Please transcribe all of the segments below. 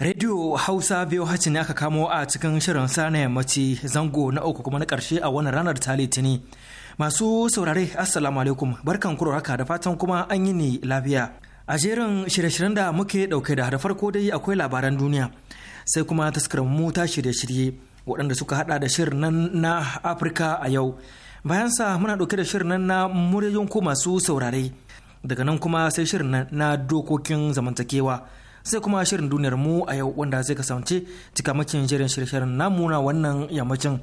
Radio Hausa biyu ne aka kamo a cikin shirin sana yammaci zango na uku kuma na ƙarshe a wannan ranar ta Masu saurare Assalamu alaikum barkan kuro haka da fatan kuma an yi ni lafiya. A jerin shirye-shiryen da muke ɗauke da da farko dai akwai labaran duniya sai kuma taskarar mu ta shirye-shirye waɗanda suka hada da shirin nan na Afirka a yau. Bayansa muna ɗauke da shirin nan na muryoyin ku masu saurare. Daga nan kuma sai shirin na dokokin zamantakewa. sai kuma shirin duniyar mu a yau wanda zai kasance cikamakin shirin shirin namu wannan yammacin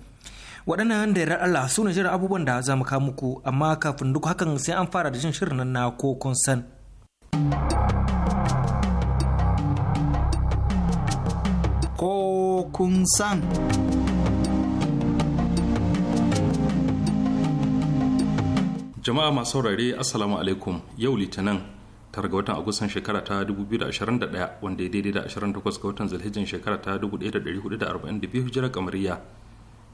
waɗannan da yarar Allah su ne shirin abubuwan da za mu kawo muku amma kafin duk hakan sai an fara da jin shirin nan na ko kun san ko kun san jama'a masu saurare assalamu alaikum yau litinin tara ga watan agustan shekara ta 2021 wanda ya daidai da 28 ga watan zulhijjin shekara ta 1442 hijirar kamariya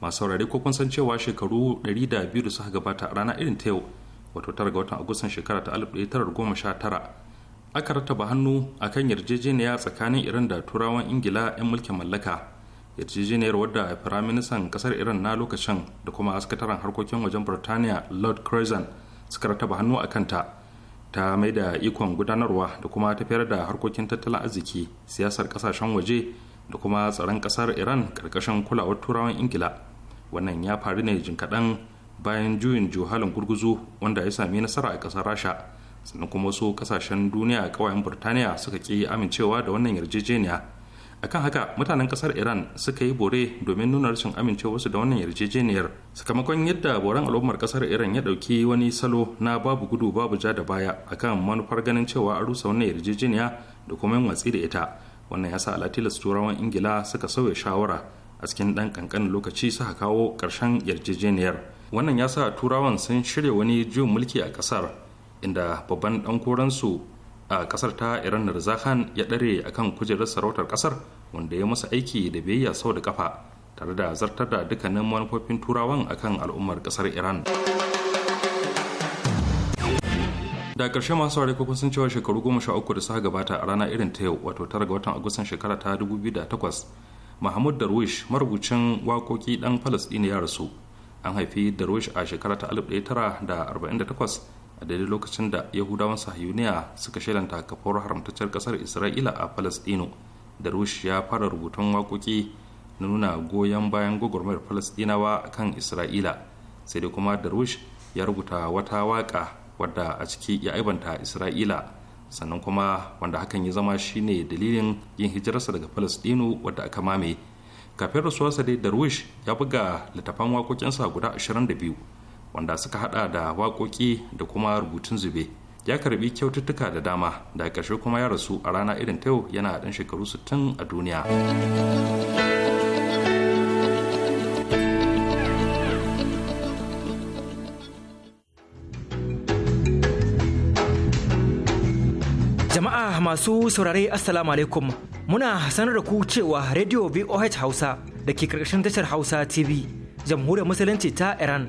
masu saurare ko kun san cewa shekaru 102 da suka gabata a rana irin ta yau wato tara ga watan agustan shekara ta 1919 aka rattaba hannu akan yarjejeniya tsakanin iran da turawan ingila 'yan mulkin mallaka yarjejeniyar wadda firaministan kasar iran na lokacin da kuma askataren harkokin wajen burtaniya lord curzon suka rataba hannu a kanta ta mai da ikon gudanarwa da kuma tafiyar da harkokin tattalin arziki siyasar kasashen waje da kuma tsaron kasar iran karkashin kulawar turawan ingila wannan ya faru ne jin kaɗan bayan juyin juhalin gurguzu wanda ya sami nasara a ƙasar rasha sannan kuma wasu kasashen duniya ƙawayen burtaniya suka ƙi amincewa da wannan yarjejeniya akan haka mutanen kasar iran suka yi bore domin nuna rashin amincewarsu da wannan yarjejeniyar sakamakon yadda boran al'ummar kasar iran ya ɗauki wani salo na babu gudu babu ja da baya akan manufar ganin cewa an rusa wannan yarjejeniya da kuma yin watsi da ita wannan ya sa alatilas turawan ingila suka sauya shawara a cikin ɗan kankanin lokaci suka kawo ƙarshen yarjejeniyar wannan ya sa turawan sun shirya wani juyin mulki a ƙasar inda babban ɗan koransu a kasar ta iran narzakhan ya dare akan kujerar sarautar kasar wanda ya masa aiki da biyayya sau da kafa tare da zartar da dukkanin manufofin turawan akan al'ummar kasar iran da ƙarshe masu ware kun sun cewa shekaru goma sha uku da suka gabata a rana irin ta yau wato tara ga watan agustan shekara ta dubu biyu da takwas mahmud darwish marubucin waƙoƙi ɗan falasɗini ya rasu an haifi darwish a shekara ta alif ɗaya tara da da arba'in takwas. a daidai lokacin da yahudawan sahiyuniya suka shelanta kafar haramtaccen kasar isra'ila a palestino da rush ya fara rubutun wakoki na nuna goyon bayan gwagwarmayar palestinawa kan isra'ila sai dai kuma rush ya rubuta wata waƙa wadda a ciki ya aibanta isra'ila sannan kuma wanda hakan ya zama shine dalilin yin hijirarsa daga palestino wadda aka mame kafin rasuwarsa dai rush ya buga littafan waƙoƙinsa guda 22 wanda suka hada da waƙoƙi da kuma rubutun zube ya karbi kyaututtuka da dama da ƙarshe kuma ya rasu a rana irin ta yau yana ɗan shekaru 60 a duniya. Jama'a masu saurare assalamu alaikum muna sanar da ku cewa radio voh hausa da ke karkashin tashar hausa tv jamhuriyar musulunci ta iran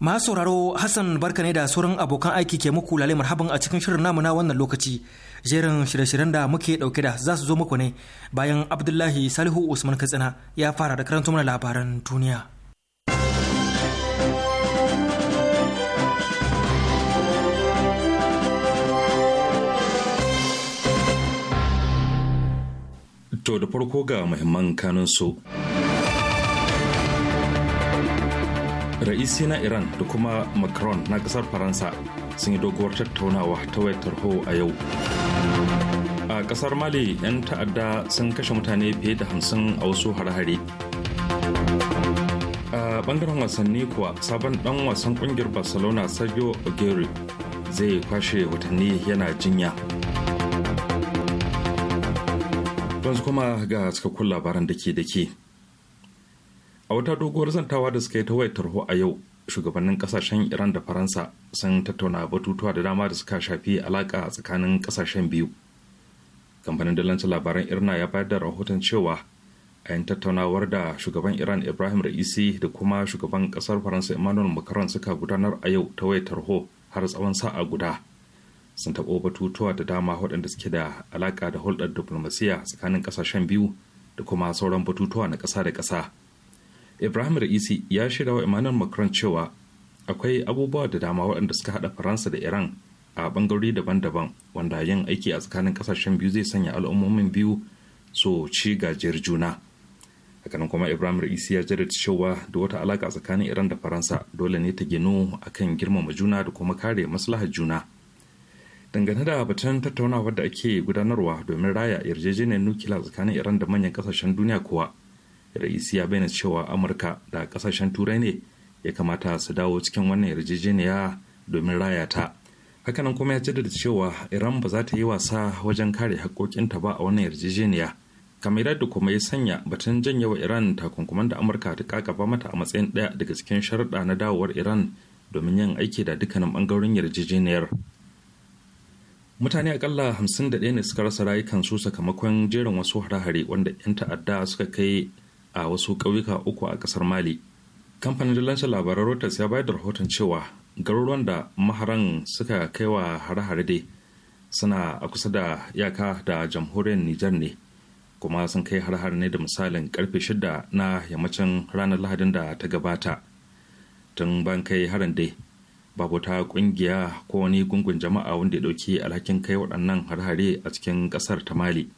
Masu sauraro Hassan barka ne da sauran abokan aiki ke muku lale marhaban a cikin shirin namu na wannan lokaci. Jerin shirye-shiryen da muke dauke da za su zo muku ne bayan Abdullahi Salihu Usman Katsina ya fara da karanta mana labaran duniya. To da farko ga muhimman kanunsu. su. ra'isi na iran da kuma macron na kasar faransa sun yi doguwar tattaunawa ta wayar tarho a yau a kasar mali 'yan ta'adda sun kashe mutane fiye da hamsin a wasu hare-hare a bangaren wasanni kuwa sabon dan wasan kungiyar barcelona sergio aguero zai kwashe watanni yana jinya yanzu kuma ga cikakkun labaran da ke da ke a wata doguwar zantawa da suka yi ta wayar tarho a yau shugabannin kasashen iran da faransa sun tattauna batutuwa da dama da suka shafi alaka tsakanin kasashen biyu kamfanin dalancin labaran irna ya bayar da rahoton cewa a yin tattaunawar da shugaban iran ibrahim ra'isi da kuma shugaban kasar faransa emmanuel macron suka gudanar a yau ta wayar tarho har tsawon sa'a guda sun taɓo batutuwa da dama waɗanda suke da alaƙa da hulɗar diplomasiya tsakanin ƙasashen biyu da kuma sauran batutuwa na ƙasa da ƙasa ibrahim ra'isi ya shirya wa imanin macron cewa akwai abubuwa da dama waɗanda suka haɗa faransa da iran a ɓangarori daban-daban wanda yin aiki a tsakanin ƙasashen biyu zai sanya al'ummomin biyu so ci gajiyar juna hakanan kuma ibrahim ra'isi ya jaddada cewa da wata alaƙa tsakanin iran da faransa dole ne ta ginu akan girmama juna da kuma kare maslahar juna dangane da batun tattaunawar da ake gudanarwa domin raya yarjejeniyar nukila tsakanin iran da manyan kasashen duniya kuwa raisi ya bayyana cewa amurka da kasashen turai ne ya kamata su dawo cikin wannan yarjejeniya domin raya ta hakanan kuma ya jaddada cewa iran ba za ta yi wasa wajen kare haƙoƙinta ba a wannan yarjejeniya kamar yadda kuma ya sanya batun janye wa iran takunkuman da amurka ta kakaba mata a matsayin ɗaya daga cikin sharaɗa na dawowar iran domin yin aiki da dukkanin ɓangaren yarjejeniyar mutane akalla 51 ne suka rasa rayukansu sakamakon jerin wasu hare-hare wanda 'yan ta'adda suka kai a wasu ƙauyuka uku a ƙasar mali kamfanin dillancin labaran reuters ya bayar da rahoton cewa garuruwan da maharan suka kai wa hare-hare dai suna a kusa da yaka da jamhuriyar nijar ne kuma sun kai harhare hare ne da misalin karfe shida na yammacin ranar lahadin da ta gabata tun ban kai harin dai babu ta ƙungiya ko wani gungun jama'a wanda ya ɗauki alhakin kai waɗannan harhare hare a cikin ƙasar ta mali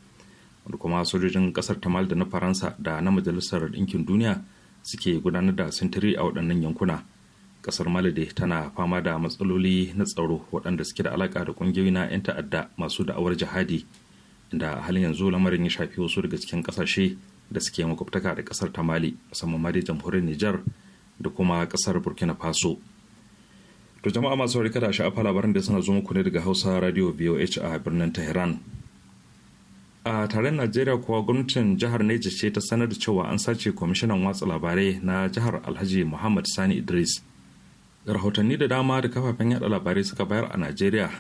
wanda kuma sojojin kasar tamal da na faransa da na majalisar ɗinkin duniya suke gudanar da sintiri a waɗannan yankuna ƙasar malade tana fama da matsaloli na tsaro waɗanda suke da alaƙa da ƙungiyoyi na 'yan ta'adda masu da'awar jihadi inda a halin yanzu lamarin ya shafi wasu daga cikin ƙasashe da suke makwabtaka da ƙasar ta mali musamman ma dai jamhuriyar nijar da kuma ƙasar burkina faso to jama'a masu kada sha'afa labaran da suna zo muku ne daga hausa radio voh a birnin tehran a taron najeriya kuwa gwamnatin jihar neja ce ta sanar da cewa an sace kwamishinan watsa labarai na jihar alhaji muhammad sani idris rahotanni da dama da kafafen yada labarai suka bayar a najeriya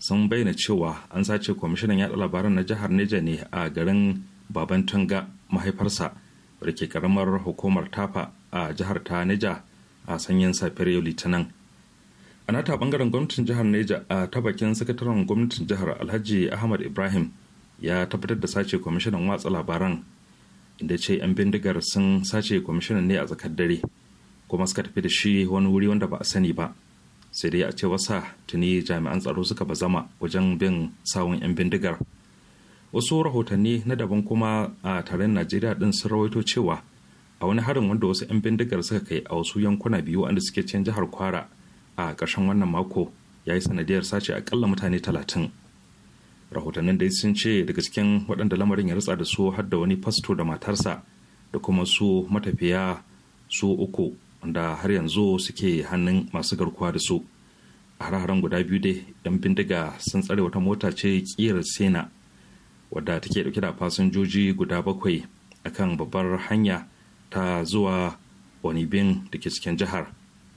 sun bayyana cewa an sace kwamishinan yada labaran na jihar neja ne a garin baban tunga mahaifarsa rike karamar hukumar tafa a jihar ta neja a sanyin safiyar yau litinin a nata bangaren gwamnatin jihar neja a tabakin sakataren gwamnatin jihar alhaji ahmad ibrahim ya tabbatar da sace kwamishinan watsa labaran inda ce 'yan bindigar sun sace kwamishinan ne a tsakar dare kuma suka tafi da shi wani wuri wanda ba a sani ba sai dai a ce wasa tuni jami'an tsaro suka zama wajen bin sawun 'yan bindigar wasu rahotanni na daban kuma a taron najeriya din sun rawaito cewa a wani harin wanda wasu 'yan bindigar suka kai a wasu yankuna biyu wanda suke can jihar kwara a ƙarshen wannan mako ya yi sanadiyar sace akalla mutane talatin rahotannin dai sun ce daga cikin waɗanda lamarin ya rutsa da su har da wani fasto da matarsa da kuma su matafiya su uku da har yanzu suke hannun masu garkuwa da su a har guda biyu dai yan bindiga sun tsare wata mota ce kiyar sena wadda take dauke da fasinjoji guda bakwai akan babbar hanya ta zuwa wani bin da ke cikin jihar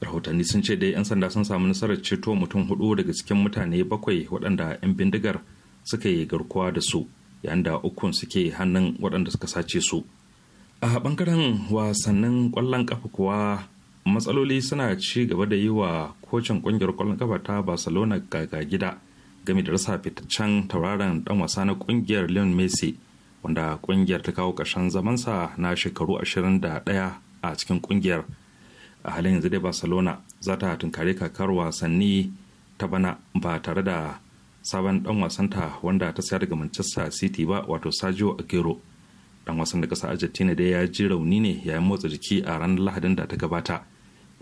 rahotanni sun ce dai 'yan sanda sun samu nasarar ceto mutum hudu daga cikin mutane bakwai waɗanda 'yan bindigar suka yi garkuwa da su yayin da ukun suke hannun waɗanda suka sace su a ɓangaren wasannin ƙwallon ƙafa kuwa matsaloli suna ci gaba da yi wa kocin ƙungiyar ƙwallon ƙafa ta barcelona gaga gida game da rasa fitaccen tauraron dan wasa na ƙungiyar leon messi wanda ƙungiyar ta kawo ƙarshen zamansa na shekaru ashirin da ɗaya a cikin ƙungiyar a halin yanzu dai barcelona za ta tunkari kakar wasanni ta bana ba tare da sabon dan ta wanda ta tsaya daga manchester city ba wato sajo aguero dan wasan da kasa argentina da ya ji rauni ne yayin motsa jiki a ranar lahadin da ta gabata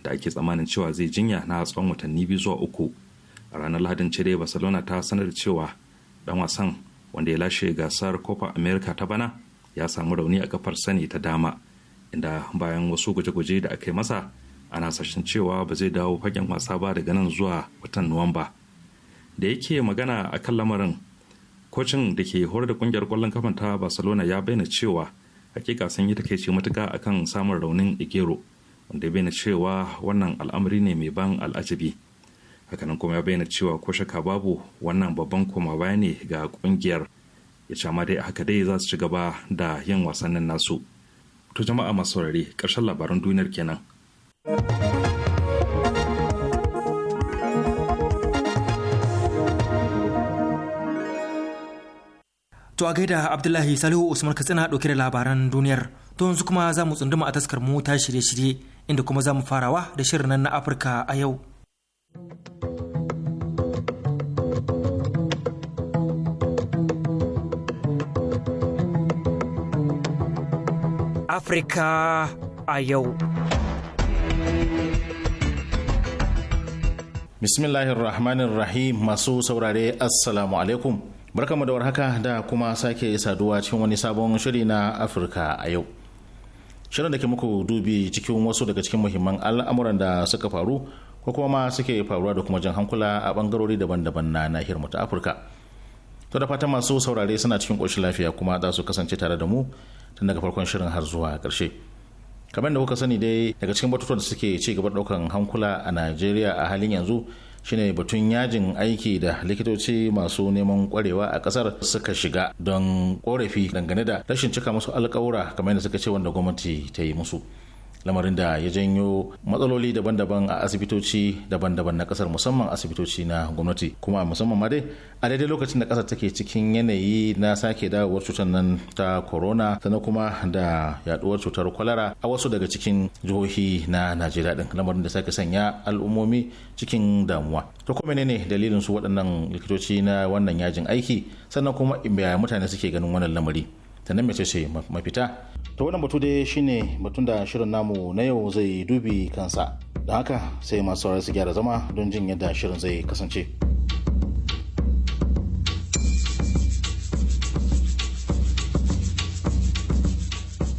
da ake tsammanin cewa zai jinya na tsawon watanni biyu zuwa uku a ranar lahadin ce dai barcelona ta sanar cewa dan wasan wanda ya lashe gasar copa america ta bana ya samu rauni a kafar sani ta dama inda bayan wasu guje-guje da aka yi masa ana sashen cewa ba zai dawo fagen wasa ba daga nan zuwa watan nuwamba da yake magana a kan lamarin kocin da ke horar da kungiyar kwallon kafan ta barcelona ya bayyana cewa hakika sun yi takaici matuka akan samun raunin igero wanda ya bayyana cewa wannan al'amari ne mai ban al'ajabi hakanan kuma ya bayyana cewa ko shaka babu wannan babban koma baya ne ga kungiyar ya ce dai haka dai za su ci gaba da yin wasannin nasu to jama'a masu saurare ƙarshen labaran duniyar kenan. To a gaida Abdullahi Salihu Usman Katsina ɗauke da labaran duniyar. To yanzu kuma za mu tsunduma a taskar mu ta shirye-shirye inda kuma za mu farawa da shirin nan na Afirka a yau. Afirka a yau. Bismillahirrahmanirrahim masu saurare Assalamu alaikum. barkamu da warhaka da kuma sake saduwa cikin wani sabon shiri na afirka a yau shirin da ke muku dubi cikin wasu daga cikin muhimman al'amuran da suka faru ko kuma ma suke faruwa da kuma jan hankula a bangarori daban-daban na nahiyar mu ta afirka to da fatan masu saurare suna cikin koshin lafiya kuma za su kasance tare da mu tun daga farkon shirin har zuwa ƙarshe. kamar da kuka sani dai daga cikin batutuwan da suke ci gaba daukan hankula a najeriya a halin yanzu shine batun yajin aiki da likitoci masu neman kwarewa a kasar suka shiga don korafi dangane da rashin cika musu alkawura kamar yadda suka ce wanda gwamnati ta yi musu lamarin da ya janyo matsaloli daban-daban a asibitoci daban-daban na kasar musamman asibitoci na gwamnati kuma musamman ma dai a daidai lokacin da kasar take cikin yanayi na sake dawowar cutar nan ta corona sannan kuma da yaduwar cutar kwalara a wasu daga cikin jihohi na najeriya din lamarin da sake sanya al'ummomi cikin damuwa to kuma ne dalilin su waɗannan likitoci na wannan yajin aiki sannan kuma mutane suke ganin wannan lamari ta nan mace ce mafita ta wannan batu dai shine batun da shirin namu na yau zai dubi kansa don haka sai masu saurari su gyara zama don jin yadda shirin zai kasance.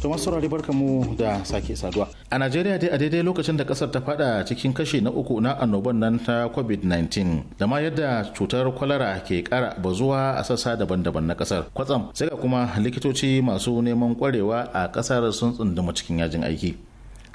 To masu saurari barka mu da sake saduwa. A Najeriya dai a daidai lokacin da kasar ta fada cikin kashi na uku na annoban nan ta COVID-19 da ma yadda cutar kwalara ke kara bazuwa a sassa daban-daban na kasar. Kwatsam sai ga kuma likitoci masu neman kwarewa a kasar sun tsunduma cikin yajin aiki.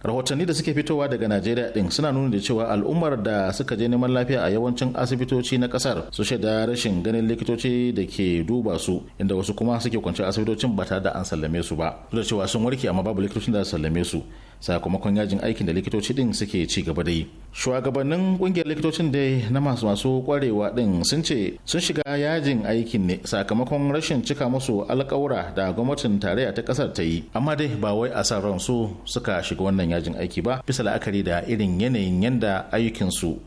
rahotanni da suke fitowa daga najeriya din suna nuna da cewa al'ummar da suka je neman lafiya a yawancin asibitoci na kasar su shaida rashin ganin likitoci da ke duba su inda wasu kuma suke kwanci asibitocin ba tare da an sallame su ba duk da cewa sun warke amma babu likitocin da sallame su sakamakon yajin aikin da likitoci din suke ci gaba da yi shugabannin kungiyar likitocin dai na masu masu kwarewa din sun ce sun shiga yajin aikin ne sakamakon rashin cika musu alkawura da gwamnatin tarayya ta kasar ta yi amma dai ba wai a sa ran su suka shiga wannan yajin aiki ba bisa la'akari da irin yanayin yanda su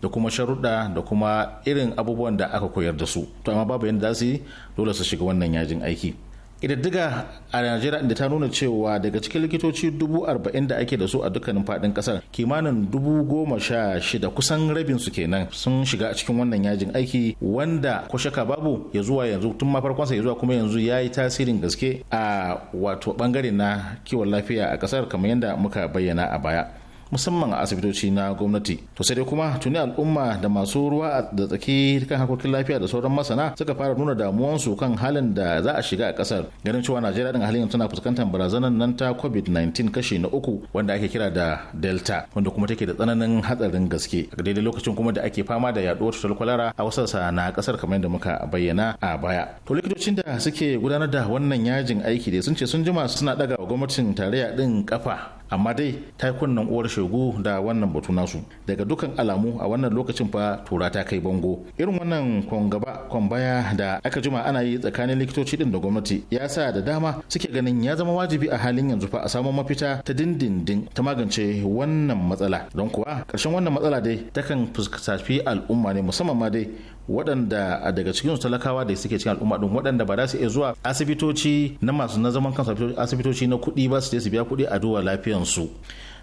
da kuma sharuɗa da kuma irin abubuwan da aka koyar da su to amma babu yadda za su yi dole su shiga wannan yajin aiki kididdiga a najeriya da ta nuna cewa daga cikin likitoci dubu arba'in da ake da su a dukkanin fadin kasar kimanin dubu goma sha shida kusan rabin su kenan sun shiga a cikin wannan yajin aiki wanda ko shaka babu ya zuwa yanzu tun ma sa ya zuwa kuma yanzu ya yi tasirin gaske a wato bangare na kiwon lafiya a kasar kamar yadda muka bayyana a baya musamman a asibitoci na gwamnati to sai dai kuma tuni al'umma da masu ruwa da tsaki kan harkokin lafiya da sauran masana suka fara nuna damuwansu kan halin da za a shiga a kasar ganin cewa najeriya din halin tana fuskantar barazanar nan ta covid-19 kashi na uku wanda ake kira da delta wanda kuma take da tsananin hatsarin gaske a daidai lokacin kuma da ake fama da yaduwar cutar kwalara a wasu sassa na kasar kamar yadda muka bayyana a baya to likitocin da suke gudanar da wannan yajin aiki da sun ce sun jima suna daga gwamnatin tarayya din kafa amma dai ta yi kunnan uwar shegu da wannan batu nasu daga dukan alamu a wannan lokacin fa tura ta kai bango irin wannan kwangaba kwambaya da aka jima ana yi tsakanin likitoci din da gwamnati ya sa da dama suke ganin ya zama wajibi a halin yanzu fa a samu mafita ta dindindin ta magance wannan matsala don kuwa ƙarshen wannan matsala dai takan fuskanci al'umma ne musamman ma dai waɗanda daga cikin talakawa da suke cikin al'umma ɗin waɗanda ba za su iya zuwa asibitoci na masu na zaman kansu asibitoci na kuɗi ba su je su biya kuɗi a duba lafiyansu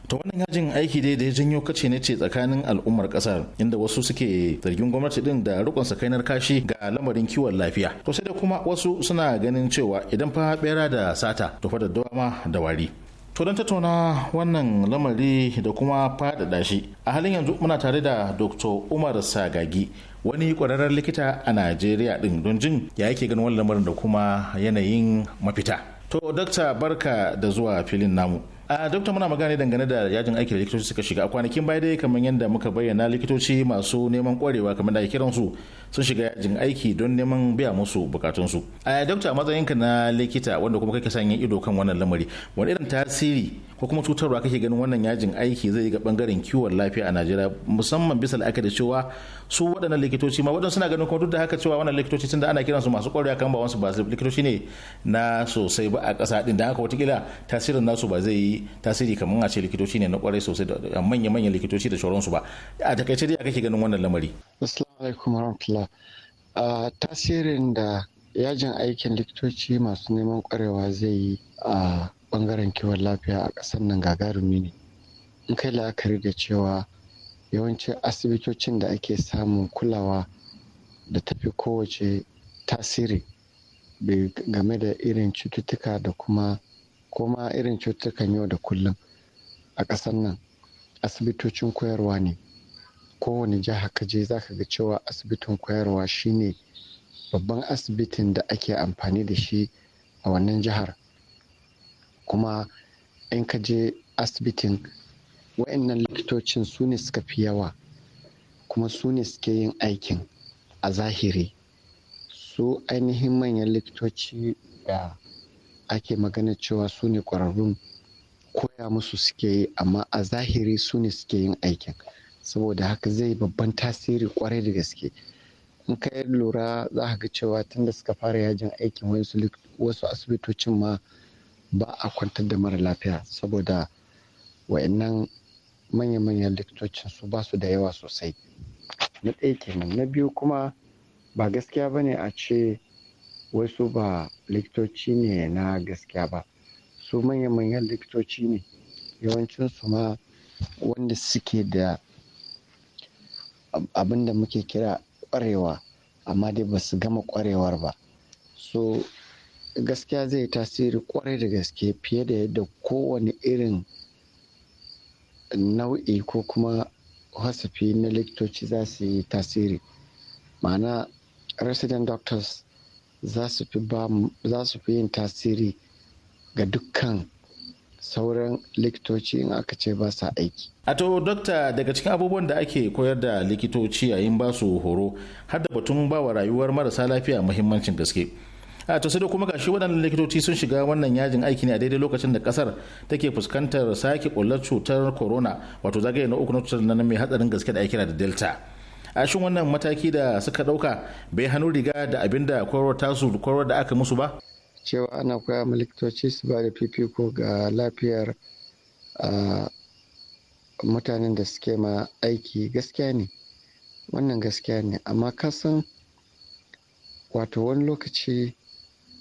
ta wannan yajin aiki dai da ya janyo kace ne ce tsakanin al'ummar kasar inda wasu suke zargin gwamnati din da rikon kainar kashi ga lamarin kiwon lafiya to sai da kuma wasu suna ganin cewa idan fa bera da sata to fa da dawama da wari to don tattauna wannan lamari da kuma faɗaɗa shi a halin yanzu muna tare da dr umar sagagi wani kwararren likita a najeriya din don jin ya yake ganin wani lamarin da kuma yanayin mafita to dokta barka da zuwa filin namu a dokta muna magana dangane da yajin aiki da likitoci suka shiga a kwanakin baya dai kamar yadda muka bayyana likitoci masu neman kwarewa kamar da kiran su sun shiga yajin aiki don neman biya musu bukatun su a dokta matsayinka na likita wanda kuma kake sanya ido kan wannan lamari wani irin tasiri ko kuma cutarwa kake ganin wannan yajin aiki zai yi ga bangaren kiwon lafiya a najeriya musamman bisa la'akari da cewa su waɗannan likitoci ma waɗannan suna ganin kuma duk da haka cewa wannan likitoci tunda ana kiransu masu ƙwarewa kan ba wasu ba likitoci ne na sosai ba a ƙasa din da haka watakila tasirin nasu ba zai yi tasiri kamar a ce likitoci ne na ƙwarai sosai da manya-manyan likitoci da shauransu ba a takaice dai kake ganin wannan lamari. Assalamu alaikum warahmatullah. Tasirin da yajin aikin likitoci masu neman ƙwarewa zai yi a Ɓangaren kiwon lafiya a ƙasar nan gagarumi ne in kai la'akari da cewa yawancin asibitocin da ake samun kulawa da tafi kowace tasiri game da irin cututtuka da kuma koma irin cututtukan yau da kullum a ƙasar nan asibitocin koyarwa ne kowane jiha ka je za ka ga cewa asibitin koyarwa shine babban asibitin da ake amfani da shi a wannan jihar kuma in ka je asibitin wa'annan likitocin su ne suka fi yawa kuma su ne suke yin aikin a zahiri su ainihin manyan likitoci da ake magana cewa su ne ƙwararrun koya musu suke yi amma a zahiri su ne suke yin aikin saboda haka zai babban tasiri kwarai da gaske in ka yi lura za ka ga cewa tunda suka fara yajin aikin wasu asibitocin ma ba a kwantar da mara lafiya saboda wa'annan manya-manyan likitocin su ba su da yawa sosai na ɗaya kenan na biyu kuma ba gaskiya ba ne a ce wai su ba likitoci ne na gaskiya ba su manya-manyan likitoci ne yawancinsu ma wanda suke da abinda muke kira ƙwarewa amma dai ba su gama kwarewar ba so gaskiya zai tasiri kwarai da gaske fiye da yadda kowane irin nau'i ko kuma hasafi na likitoci za su yi tasiri ma'ana resident doctors za su fi yin tasiri ga dukkan sauran likitoci in aka ce ba sa aiki. A to dokta daga cikin abubuwan da ake koyar da likitoci yayin ba su horo har da batun ba wa rayuwar marasa lafiya muhimmancin gaske. to sai kuma gashi waɗannan likitoci sun shiga wannan yajin aiki ne a daidai lokacin da kasar take fuskantar sake kullar cutar corona wato zagaye na uku na cutar nan mai hatsarin gaske da aikira da delta a shin wannan mataki da suka dauka bai hannu riga da abin da tasu koyarwar da aka musu ba cewa ana koya ma likitoci su ba da fifiko ga lafiyar mutanen da suke ma aiki gaskiya ne wannan gaskiya ne amma kasan wato wani lokaci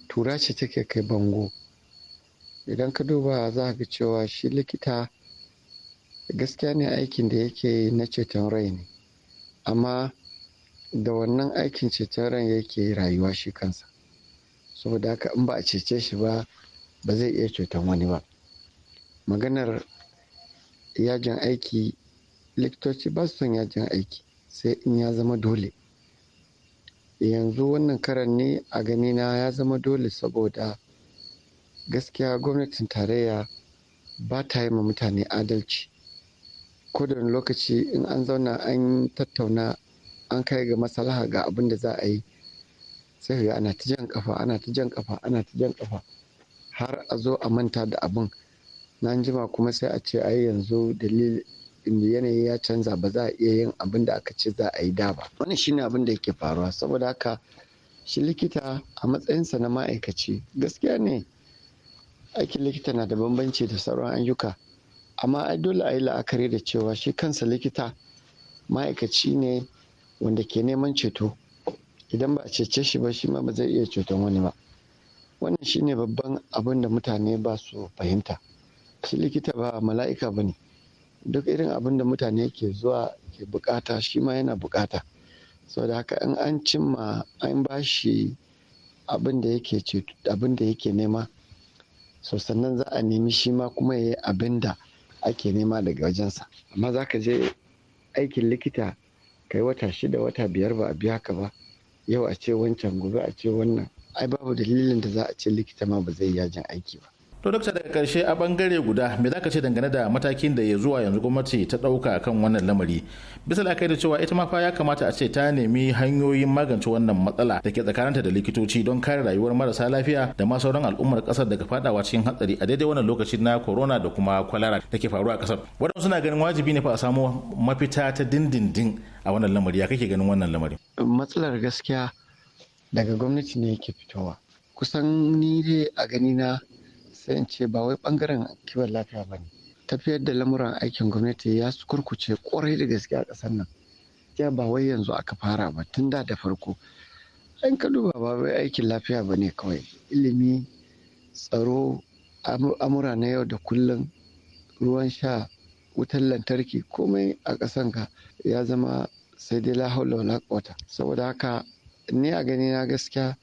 tura ce take kai bango idan ka duba za ka cewa shi likita gaskiya ne aikin da yake na ceton rai ne amma da wannan aikin ceton rai yake rayuwa shi kansa saboda haka in ba a cece shi ba ba zai iya ceton wani ba maganar yajin aiki likitoci ba su son yajin aiki sai in ya zama dole yanzu wannan karan ne a ganina ya zama dole saboda gaskiya gwamnatin tarayya ba ta yi ma mutane adalci kodin lokaci in an zauna an tattauna an kai ga masalaha ga abin da za a yi sai ga ana ta jan kafa ana ta jan kafa ana ta jan kafa har a zo a manta da abin na jima kuma sai a ce ai yanzu inda yanayi ya canza ba za a iya yin abin da aka ce za a yi da ba wannan shine abin da yake faruwa saboda haka shi likita a matsayinsa na ma'aikaci gaskiya ne aikin likita na da bambanci da sauran ayyuka amma ai dole a yi la'akari da cewa shi kansa likita ma'aikaci ne wanda ke neman ceto idan ba a cece shi ba shi ma ba zai iya ceton wani ba wannan shine babban abin da mutane ba su fahimta shi likita ba mala'ika ba ne duk irin abin da mutane ke zuwa ke bukata shi ma yana bukata saboda haka in an cimma an ba shi abin da yake nema so sannan za a nemi shi ma kuma ya yi abin da ake nema daga wajensa amma za ka je aikin likita kai wata shida wata biyar ba a biya ka ba yau a ce wancan gobe a ce wannan ai babu dalilin da za a ce likita ma ba zai yajin aiki ba to duk daga karshe a bangare guda me zaka ce dangane da matakin da ya zuwa yanzu gwamnati ta dauka kan wannan lamari bisa da da cewa ita ma fa ya kamata a ce ta nemi hanyoyin magance wannan matsala da ke tsakaninta da likitoci don kare rayuwar marasa lafiya da ma sauran al'ummar kasar daga fadawa cikin hatsari a daidai wannan lokacin na corona da kuma kwalara da ke faruwa a kasar wadansu suna ganin wajibi ne fa a samu mafita ta dindindin a wannan lamari ya kake ganin wannan lamari matsalar gaskiya daga gwamnati ne yake fitowa kusan ni dai a gani sai in ce ba wai bangaren kiwon lafiya ba ne tafiyar da lamuran aikin gwamnati ya su kurkuce kwarai da gaske a ƙasar nan ya ba wai yanzu aka fara ba tun da da farko an ka duba ba wai aikin lafiya ba ne kawai ilimi tsaro amura na yau da kullum ruwan sha wutar lantarki komai a ƙasan ka ya zama sai dai lahaula wala kota saboda haka ni a gani na gaskiya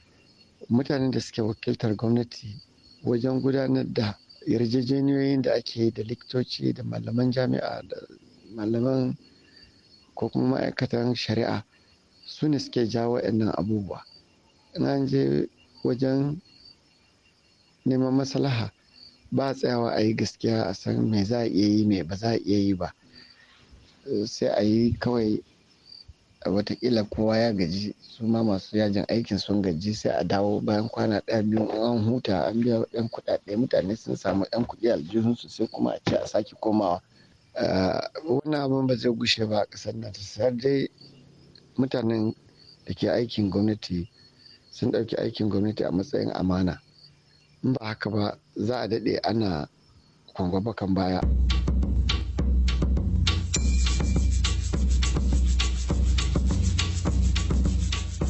mutanen da suke wakiltar gwamnati wajen gudanar da yarjejeniyoyin da ake da likitoci da malaman jami'a da malaman ko kuma ma'aikatan shari'a su ne suke jawo waɗannan abubuwa in je wajen neman maslaha ba tsayawa a yi gaskiya a san me za a iya yi me ba za a iya yi ba sai a yi kawai watakila kowa ya gaji su ma masu yajin aikin sun gaji sai a dawo bayan kwana ɗaya biyu an huta an biya ɗan kuɗaɗe mutane sun samu ɗan kuɗi aljihunsu sai kuma a ce a sake komawa ah, wannan abin ba zai gushe ba a ƙasar nan sai dai mutanen da ke aikin gwamnati sun ɗauki aikin gwamnati a matsayin amana in ba haka ba za a daɗe ana kwangwa bakan baya.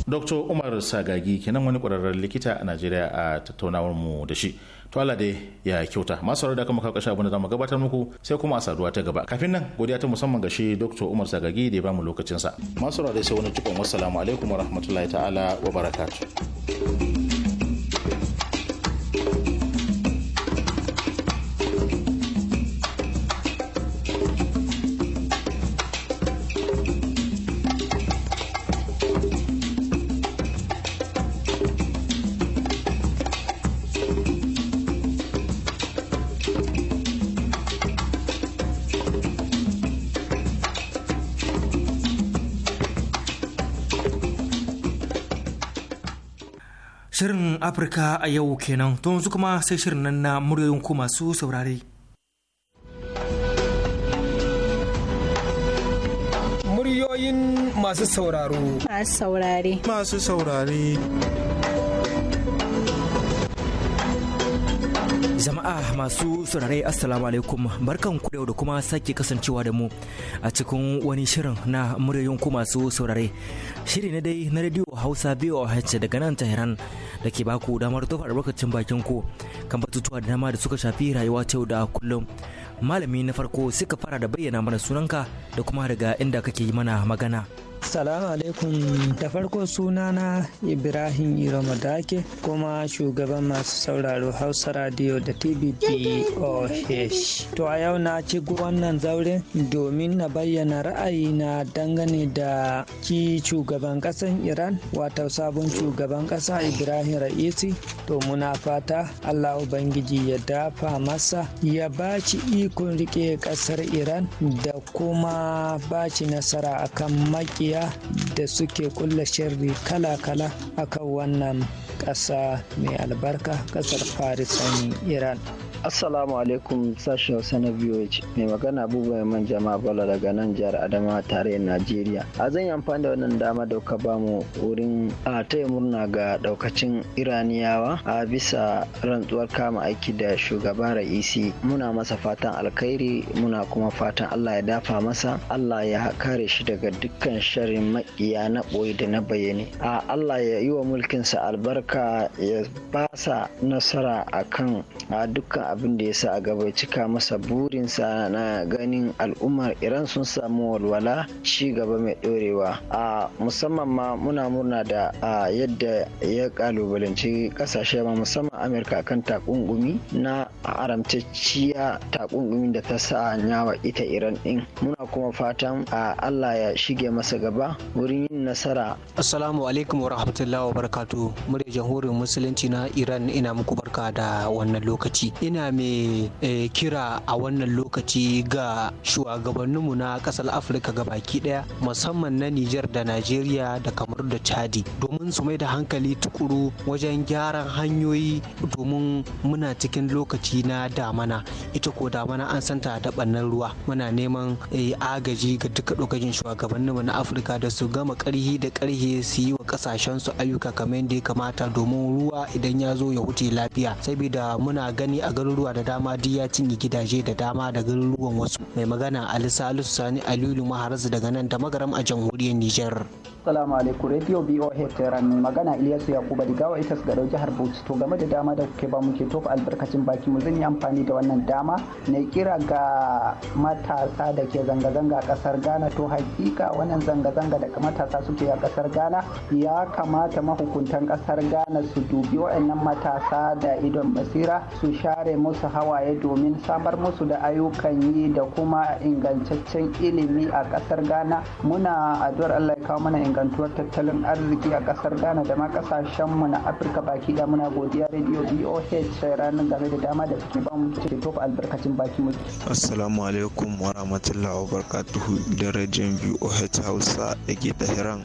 dr umar sagagi kenan wani kwararren likita a najeriya a tattaunawar mu da shi to Allah dai ya kyauta masu da kuma kawo abin da zamu gabatar muku sai kuma a saduwa ta gaba kafin nan godiya ta musamman ga shi Dr. Umar Sagagi da ya bamu lokacin sa masu da sai wani cikon wassalamu alaikum rahmatullahi ta'ala wa barakatuh Afirka a yau kenan to yanzu kuma sai shirin nan na muryoyin ku masu saurare. Muryoyin masu sauraro. Masu saurare. Masu saurare. jama'a masu saurare assalamu alaikum barkan ku da kuma sake kasancewa da mu a cikin wani shirin na muryoyin ku masu saurare shiri na dai na radio hausa biyu a daga nan tehran da ke baku damar tofa albarkacin bakin ku kan batutuwa da dama da suka shafi rayuwa ta yau da kullum. Malami na farko suka fara da bayyana mana sunanka da kuma daga inda kake yi mana magana. Assalamu alaikum da farko sunana Ibrahim Iromadake kuma shugaban masu sauraro Hausa Radio da TBDOH. To a yau na ci wannan zaure domin na bayyana ra'ayina dangane da ki shugaban ƙasan Iran wato sabon shugaban ƙasa Ibrahim Ra'isi. To muna fata Allah Ubangiji ya dafa masa ya baci ikon riƙe ƙasar Iran da kuma baci nasara akan makiya da suke kulla sharri kala-kala akan wannan ƙasa mai albarka ƙasar Faris iran Assalamu alaikum sashen Hausa na VOH mai magana abubuwan mai jama'a bala daga nan jihar Adamawa tarayyar Najeriya. A zan yi amfani da wannan dama da ka bamu wurin a taya murna ga daukacin Iraniyawa a bisa rantsuwar kama aiki da shugaban Ra'isi. Muna masa fatan alkhairi muna kuma fatan Allah ya dafa masa Allah ya kare shi daga dukkan sharrin makiya na boye da na bayyane. A Allah ya yi wa mulkinsa albarka ya basa nasara akan a dukkan abin da ya sa a gaba cika masa burinsa na ganin al'ummar iran sun samu walwala shi gaba mai ɗorewa a musamman ma muna murna da yadda ya kalubalanci kasashe ma musamman amurka kan takungumi na haramtacciya takungumin da ta sa nyawa ita iran din muna kuma fatan a allah ya shige masa gaba wurin yin nasara assalamu alaikum wa rahmatullahi wa barakatu muryar jamhuriyar musulunci na iran ina muku barka da wannan lokaci ina yana mai eh, kira a wannan lokaci ga shugabanninmu na ƙasar afirka baki ɗaya musamman na nijar da najeriya da kamar da chadi domin su mai da hankali tukuru wajen gyaran hanyoyi domin muna cikin lokaci na damana ita ko damana an santa da ɓannan ruwa muna neman eh, agaji ga duka lokacin shugabanninmu na afirka da su gama ƙarhi da ƙarhe su yi wa ƙasashensu ayyuka kamar yadda ya kamata domin ruwa idan ya zo ya wuce lafiya saboda muna gani a garin garuruwa da dama duk ya cinye gidaje da dama da garuruwan wasu mai magana ali salisu sani aliyu maharaz daga nan da magaram a jamhuriyar nijar Assalamu alaikum Radio BOH Tehran magana Ilyasu Yakuba daga wa ita Garo jihar Bauchi to game da dama da kuke ba mu ke tofa albarkacin baki mu zan yi amfani da wannan dama na kira ga matasa da ke zanga-zanga a kasar Ghana to hakika wannan zanga-zanga da matasa suke a kasar Ghana ya kamata mahukuntan kasar Ghana su dubi waɗannan matasa da idon basira su share musu hawaye domin samar musu da ayyukan yi da kuma ingantaccen ilimi a kasar Ghana muna addu'ar Allah ya kawo mana ingantuwar tattalin arziki a kasar ghana da ma kasashen mu na afirka baki da muna godiya radio boh ranar game da dama da suke bamu ce tofa albarkacin baki mu assalamu alaikum wa rahmatullahi wa barakatuhu da rajin boh hausa da ke tahiran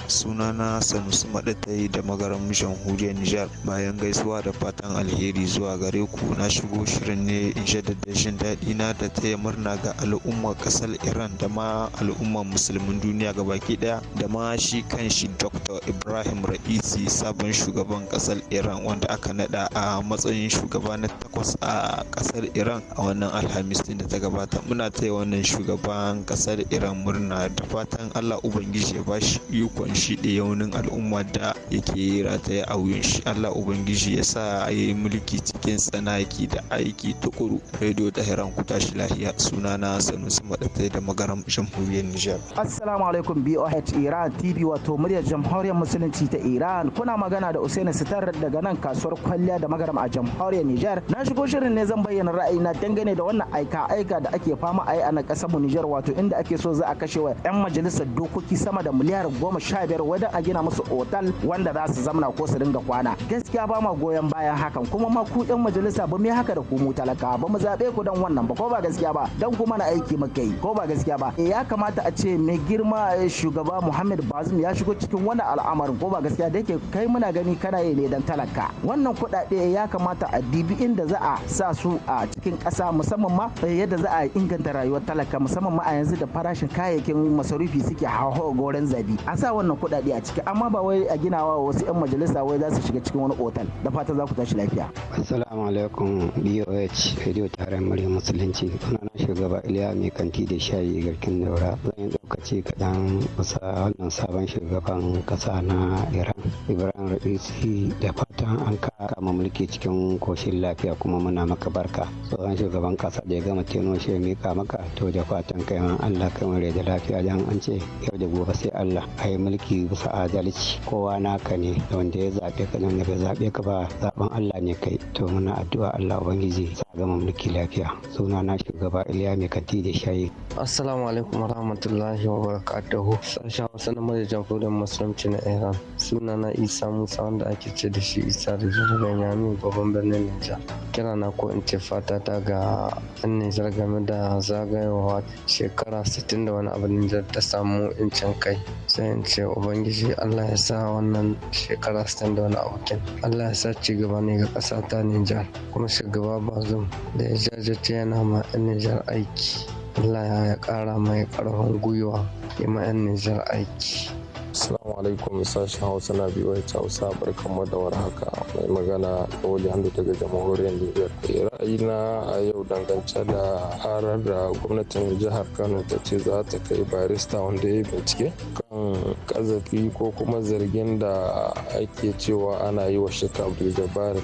na sanusi madatai da magaran jamhuriyar nijar bayan gaisuwa da fatan alheri zuwa gare ku na shigo shirin ne in jaddada jin daɗi na da taya murna ga al'ummar kasar iran da ma al'ummar musulmin duniya gabaki ɗaya da ma shi kanshi dr ibrahim ra'isi sabon shugaban kasar iran wanda aka naɗa a matsayin shugaba na takwas a kasar iran a wannan alhamis din da ta gabata muna taya wannan shugaban kasar iran murna da fatan allah ubangiji ya bashi ikon shi da yaunin al'umma da yake rataye a wuyan shi allah ubangiji ya sa ya yi mulki cikin tsanaki da aiki tukuru radio tahran ku tashi lahiya sunana sanusi madatai da magaram jamhuriyar nijar assalamu alaikum boh iran tv wato wato muryar jamhuriyar musulunci ta Iran kuna magana da Usaini Sitar daga nan kasuwar kwalliya da magaram a jamhuriyar niger. na shigo shirin ne zan bayyana ra'ayina dangane da wannan aika aika da ake fama a yi a kasar mu Nijar wato inda ake so za a kashe wa yan majalisar dokoki sama da miliyar goma sha biyar wajen a gina musu otal wanda za su zamna ko su dinga kwana gaskiya ba ma goyon bayan hakan kuma ma ku yan majalisa ba mu haka da ku mu talaka ba mu zabe ku dan wannan ba ko ba gaskiya ba dan kuma na aiki muka yi ko ba gaskiya ba eh, ya kamata a ce mai girma eh, shugaba Muhammad Bazum ya shigo cikin wani al'amarin ko ba gaskiya da yake kai muna gani kana yi ne dan talaka wannan kuɗaɗe ya kamata a dibi inda za a sa su a cikin ƙasa musamman ma yadda za a inganta rayuwar talaka musamman ma a yanzu da farashin kayayyakin masarufi suke hawa goren zabi a sa wannan kuɗaɗe a ciki amma ba wai a ginawa wasu 'yan majalisa wai za su shiga cikin wani otal da fata za ku tashi lafiya. assalamu alaikum boh radio tare murya musulunci sunana shugaba iliya mai kanti da shayi garkin daura zan yi ɗaukaci kaɗan kusa wannan sabon shugaba shugaban kasa na iran ibrahim ra'isi da fatan an kama mulki cikin koshin lafiya kuma muna maka barka tsohon shugaban kasa da ya gama teno shi ya mika maka to da fatan kai ma allah kai mure da lafiya dan an ce yau da gobe sai allah a yi mulki bisa adalci kowa naka ne da wanda ya zaɓe ka nan bai zaɓe ka ba zaɓen allah ne kai to muna addu'a allah ubangiji sa gama mulki lafiya suna na shugaba iliya mai kanti da shayi assalamu alaikum warahmatullahi wabarakatuhu sha wasu na murjan jamhuriyar musulunci na iran suna na isa musa wanda ake ce da shi isa da jirgin yamin babban birnin nijar kira na ko in ce fata ta ga yan nijar game da zagayowa shekara 60 da wani abu nijar ta samu incin kai sai in ce ubangiji allah ya sa wannan shekara 60 da wani abu allah ya sa ci gaba ne ga kasa ta nijar kuma shugaba bazum da ya jajirce yana ma yan nijar aiki Allah ya kara mai ƙarfin gwiwa ya ma 'yan Nijar aiki. Assalamu alaikum sashen Hausa na biyu wata Hausa mu da warhaka mai magana Kawali Hamdu daga jamhuriyar Nijar. Eh, ra'ayina a yau dangance da harar da gwamnatin jihar Kano ta ce za ta kai barista wanda ya bincike kan kazafi ko kuma zargin da ake cewa ana yi wa Sheikh Abdul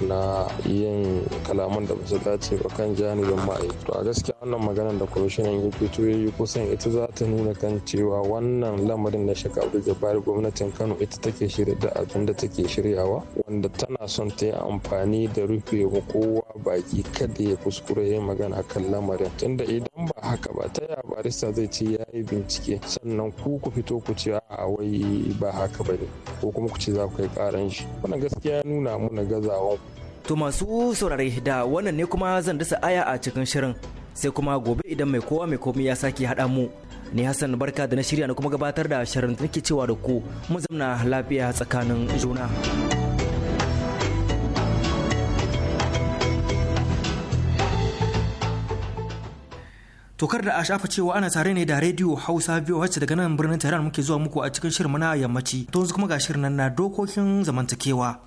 na yin kalaman da ba su dace ba kan janibin ma'aikata. A gaskiya wannan maganar da kwamishinan ya fito ya kusan ita za ta nuna kan cewa wannan lamarin na Sheikh Abdul Jabbar gwamnatin kano ita take shirya da abin da take shiryawa wanda tana son ta yi amfani da rufe wa kowa baki kada ya kuskure ya magana kan lamarin tunda idan ba haka ba ta ya barista zai ce ya yi bincike sannan ku ku fito ku ce a wai ba haka ba ne ko kuma ku ce za ku yi karan shi wannan gaskiya nuna muna gazawa. to masu saurare da wannan ne kuma zan dasa aya a cikin shirin sai kuma gobe idan mai kowa mai komai ya sake haɗa mu Ni Hassan barka da na shirya na kuma gabatar da shirin nake cewa da ku mu zamna lafiya tsakanin juna. Tokar da a shafa cewa ana tare ne da rediyo Hausa biyu wacce daga nan birnin Tehran muke zuwa muku a cikin shirin na yammaci. To yanzu kuma ga shirin nan na dokokin zamantakewa.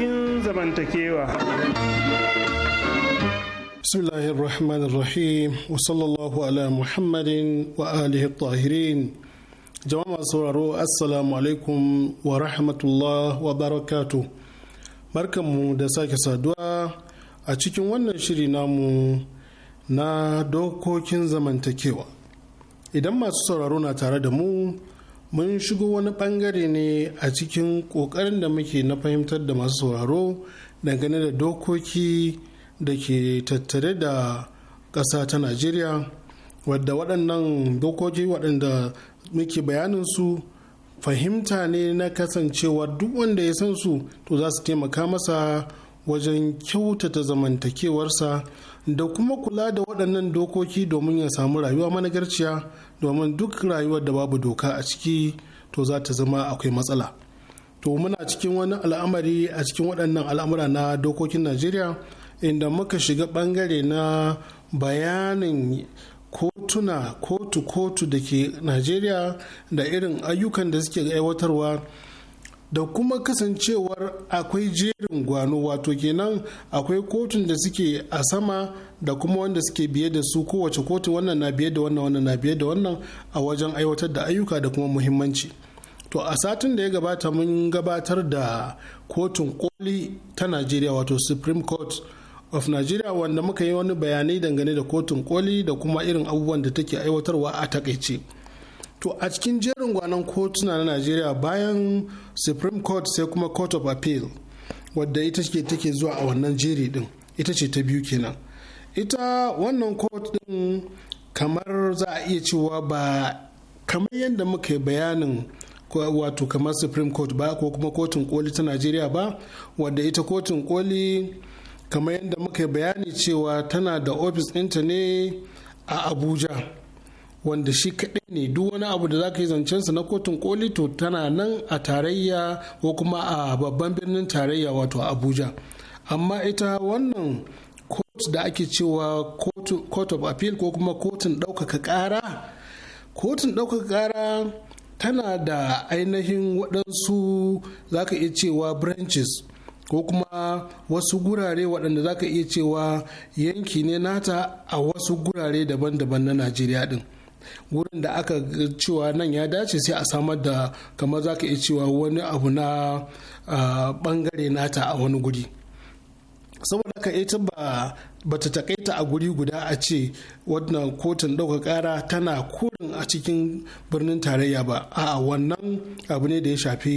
cikin zamantakewa. bismillahir rahmanir rahim wa sallallahu ala muhammadin wa alihi tahirin jama'a masu sauraro assalamu alaikum wa rahmatullah wa barakatu barkanmu da sake saduwa a cikin wannan shiri namu na dokokin zamantakewa idan masu sauraro na tare da mu mun shigo wani bangare ne a cikin ƙoƙarin da muke na fahimtar da masu sauraro dangane da dokoki da ke tattare da ƙasa ta najeriya wadda waɗannan dokoki waɗanda muke bayanin su fahimta ne na kasancewa duk wanda ya san su to za su taimaka masa wajen kyautata zamantakewarsa da kuma kula da waɗannan dokoki domin ya samu rayuwa managarciya domin duk rayuwar da babu doka a ciki to za ta zama akwai matsala to muna cikin wani al'amari a cikin waɗannan al'amura na dokokin najeriya inda muka shiga ɓangare na bayanin kotuna kotu kotu da ke najeriya da irin ayyukan da suke aiwatarwa da kuma kasancewar akwai jerin gwano wato kenan akwai kotun da suke a sama da kuma wanda suke biye da su kowace kotu wannan na biye da wannan wannan na biye da wannan a wajen aiwatar da ayyuka da kuma muhimmanci to a satin da ya gabata mun gabatar da kotun koli ta najeriya wato supreme court of nigeria wanda muka yi wani bayanai dangane da kotun koli da kuma irin abubuwan da take aiwatarwa a takaice. To a cikin jerin gwanon kotuna na Najeriya bayan Supreme Court sai kuma Court of Appeal wadda ita ce take zuwa a wannan jeri din ita ce ta biyu kenan. Ita wannan court din kamar za a iya cewa ba kamar yadda muka yi bayanin wato kamar Supreme Court ba ko kuma kotun koli ta Najeriya ba wadda ita kotun koli kamar yadda muka bayani cewa tana da ofis ɗinta ne a Abuja. wanda shi kaɗai ne duk wani abu da za ka yi zancensa na kotun koli to tana nan a tarayya ko kuma a babban birnin tarayya wato abuja amma ita wannan court da ake cewa court of appeal ko kuma kotun ɗaukaka ƙara kotun ɗaukaka ƙara tana da ainihin waɗansu za ka iya cewa branches ko kuma wasu gurare waɗanda za ka iya cewa yanki ne nata a wasu gurare daban-daban na najeriya ɗin. wurin da aka cewa nan ya dace sai a samar da kamar za ka iya cewa wani abu na bangare nata a wani guri saboda ka ita ba bata takaita a guri guda a ce wannan kotun ɗauka ƙara tana kurin a cikin birnin tarayya ba a wannan abu ne da ya shafi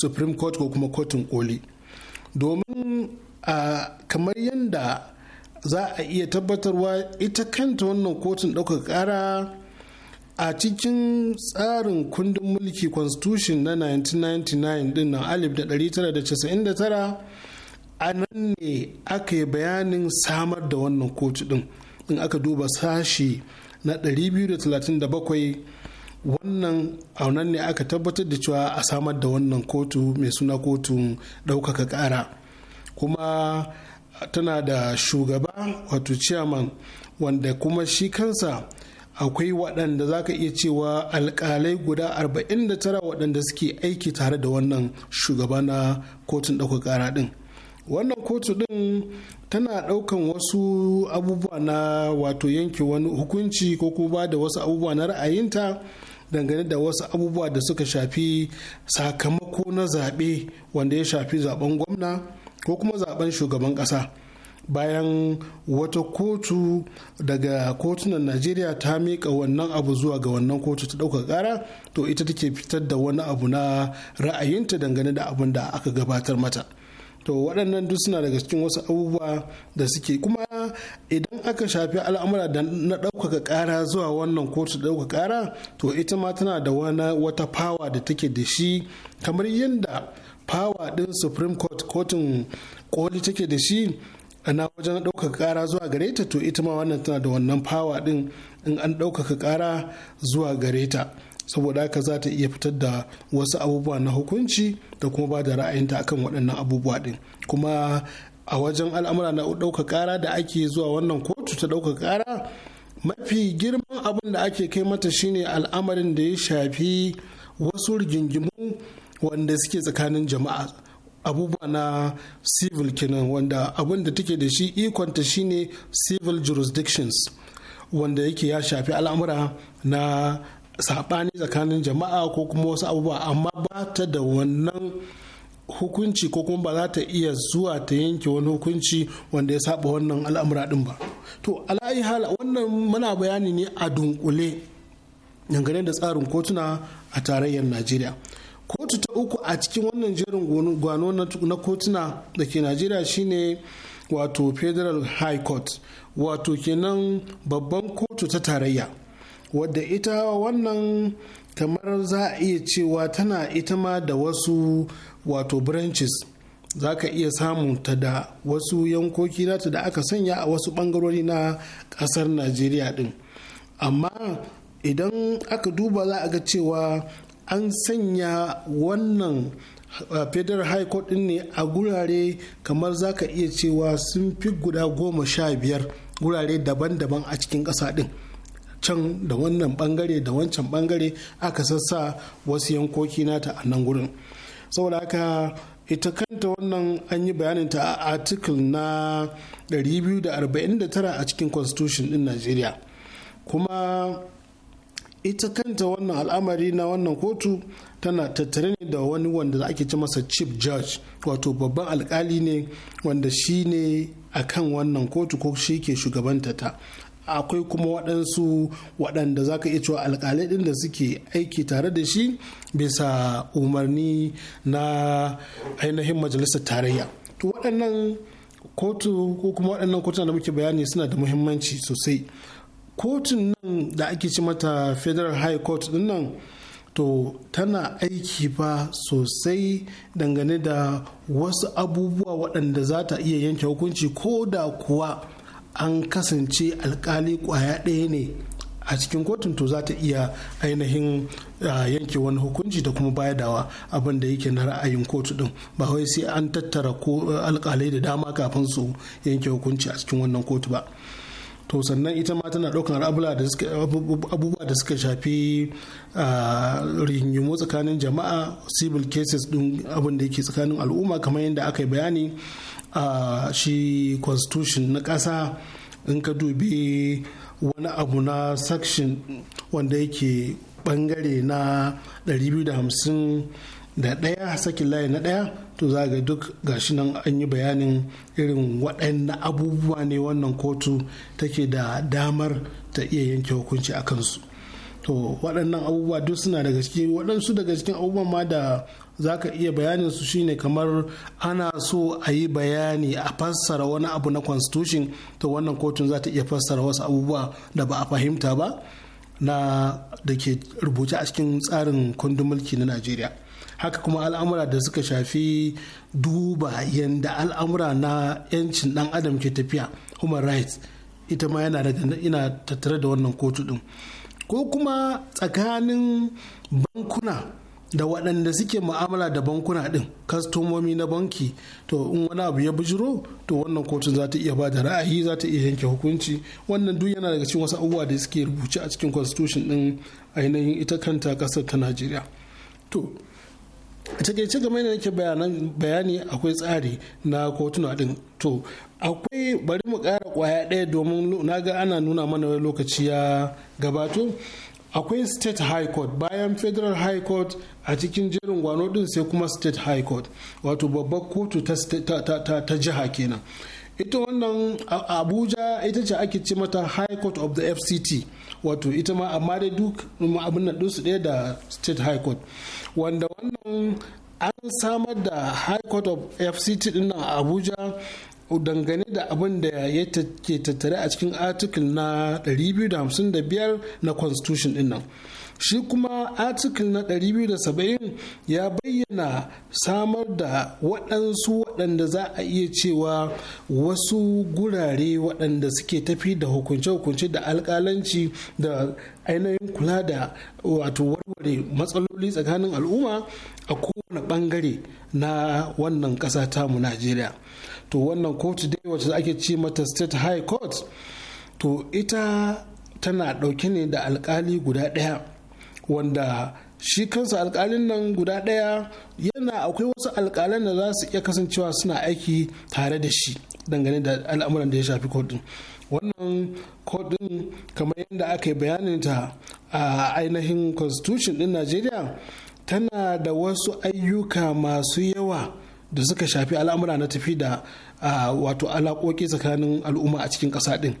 supreme court ko kuma kotun koli domin kamar yadda za a iya tabbatarwa ita kanta wannan kotun ɗaukar ƙara a cikin tsarin kundin mulki constitution na 1999 din nan 1999 a nan ne aka yi bayanin samar da wannan kotu din in aka duba sashi na 237 wannan a nan ne aka tabbatar da cewa a samar da wannan kotu mai suna kotun ɗaukaka ƙara kuma tana da shugaba wato chairman wanda kuma shi kansa akwai waɗanda za ka iya cewa alƙalai guda 49 waɗanda suke aiki tare da wannan shugaba na kotun ɗaukar ƙara ɗin wannan kotu ɗin tana ɗaukan wasu abubuwa na wato yanke wani hukunci ko kuma da wasu abubuwa na ra'ayinta dangane da wasu abubuwa da suka shafi sakamako na zaɓe wanda ya shafi zaɓen gwamna ko kuma zaɓen shugaban ƙasa. bayan wata kotu daga kotunan najeriya ta mika wannan abu zuwa ga wannan kotu ta ɗauka ƙara to ita take fitar da wani abu na ra'ayinta dangane da abin da aka gabatar mata to waɗannan duk suna daga cikin wasu abubuwa da suke kuma idan aka shafi al'amura da na ɗaukaka ƙara zuwa wannan kotu ɗauka ƙara to ita ma tana da wani wata fawa da take da shi kamar yadda fawa ɗin supreme court kotun koli take da shi ana wajen ɗaukaka ƙara zuwa gare ta to ita ma wannan tana da wannan fawa ɗin in an ɗaukaka ƙara zuwa gare ta saboda haka za ta iya fitar da wasu abubuwa na hukunci da kuma ba da ra'ayinta akan waɗannan abubuwa ɗin kuma a wajen al'amura na ɗaukaka ƙara da ake zuwa wannan kotu ta ɗaukaka ƙara mafi girman abin da ake kai mata shine al'amarin da ya shafi wasu rigingimu wanda suke tsakanin jama'a abubuwa na civil kenan wanda abin da take da shi ikonta shine civil jurisdictions wanda yake ya shafi al'amura na saɓani tsakanin jama'a ko kuma wasu abubuwa amma ba ta da wannan hukunci ko kuma ba za ta iya zuwa ta yanke wani hukunci wanda ya saba wannan al'amura din ba to ala'ayi hala wannan muna bayani ne a dunkule dangane da tsarin kotuna a tarayyar najeriya kotu ta uku a cikin wannan jerin gwano na kotuna da ke najeriya shine wato federal high court wato kenan babban kotu ta tarayya wadda ita wannan kamar za a iya cewa tana ita ma da wasu wato branches za ka iya samun ta da wasu yankoki nata da aka sanya a wasu bangarori na kasar najeriya din amma idan aka duba za a ga cewa an sanya wannan uh, federal high court din ne a gurare kamar za ka iya cewa sun fi guda goma sha biyar gurare daban-daban a cikin ƙasa ɗin, can da wannan bangare da wancan bangare aka sassa wasu yankoki nata a nan gurin saboda haka ita kanta wannan an yi bayaninta a article na 249 a cikin constitution ɗin najeriya kuma ita kanta wannan al'amari na wannan kotu tana tattare ne da wani wanda ake ci masa chief judge wato babban alkali ne wanda shi ne a kan wannan kotu ko shi ke shugabanta ta akwai kuma waɗansu waɗanda za ka iya cewa alkalai ɗin da suke aiki tare da shi bisa umarni na ainihin majalisar tarayya to waɗannan kotu ko kuma waɗannan kotuna da muke bayani suna da muhimmanci sosai kotun nan da ake ci mata federal high court din nan to tana aiki fa sosai dangane da wasu abubuwa waɗanda za ta iya yanke hukunci ko da kuwa an kasance alkali kwaya ɗaya ne a cikin kotun to za ta iya ainihin yanke wani hukunci da kuma bayadawa abin da yake na ra'ayin kotu din ba wai sai an tattara ko alkalai da dama kafin su yanke hukunci a cikin wannan kotu ba to sannan ita ma tana ɗaukan abubuwa da suka shafi rigingimu tsakanin jama'a civil cases ɗin abin da yake tsakanin al'umma kamar yadda aka yi bayani a shi constitution na ƙasa in ka dubi wani abu na section wanda yake bangare na da 251 sakin layi na ɗaya to za ga duk gashi nan an yi bayanin irin waɗanne abubuwa ne wannan kotu take da damar ta iya yanke hukunci a kansu to waɗannan abubuwa duk suna daga cikin waɗansu daga cikin abubuwan ma da za ka iya bayanin su shine kamar ana so a yi bayani a fassara wani abu na constitution to wannan kotun za ta iya fassara wasu abubuwa da ba a fahimta ba na da ke rubuce a cikin tsarin kundin mulki na najeriya haka kuma al'amura da suka shafi duba yadda al'amura na 'yancin dan adam ke tafiya human rights ita ma yana ina tattare da wannan kotu din ko kuma tsakanin bankuna da waɗanda suke ma'amala da bankuna din kastomomi na banki to in wani abu ya bujiro to wannan kotun za ta iya ba da ra'ayi za ta iya yanke hukunci wannan duk yana daga cikin wasu abubuwa da suke rubuce a cikin constitution din ainihin ita kanta ƙasar ta najeriya to a takaice game da nake bayani akwai tsari na kotuna din to akwai bari mu kara kwaya ɗaya domin na ga ana nuna mana wani lokaci ya gabato akwai state high court bayan federal high court a cikin jerin gwano din sai kuma state high court wato babbar kotu ta jiha kenan ita wannan abuja ita ce ake ce mata high court of the fct wato ita ma amma dai duk abin na dusu ɗaya da state high court wanda wannan an samar da high court of fct din a abuja dangane da abin da ya ke tattare a cikin article na 255 na constitution din nan shi kuma article na 270 ya bayyana samar da waɗansu waɗanda za a iya cewa wasu gurare waɗanda suke tafi da hukunce-hukunce da alƙalanci da ainihin kula da wato warware matsaloli tsakanin al'umma a kowane ɓangare na wannan ƙasa tamu najeriya to wannan kotu dai wacce ake ce mata state high court to ita tana ɗauke ne da alkali guda ɗaya wanda shi kansa alkalin nan guda ɗaya yana akwai wasu alkalan da za su iya kasancewa suna aiki tare da shi dangane da al'amuran da ya shafi kodin wannan kodin kamar yadda aka yi bayaninta a ainihin constitution din najeriya tana da wasu ayyuka masu yawa da suka shafi al'amura na tafi da wato alaƙoƙi tsakanin al'umma a cikin ƙasa ɗin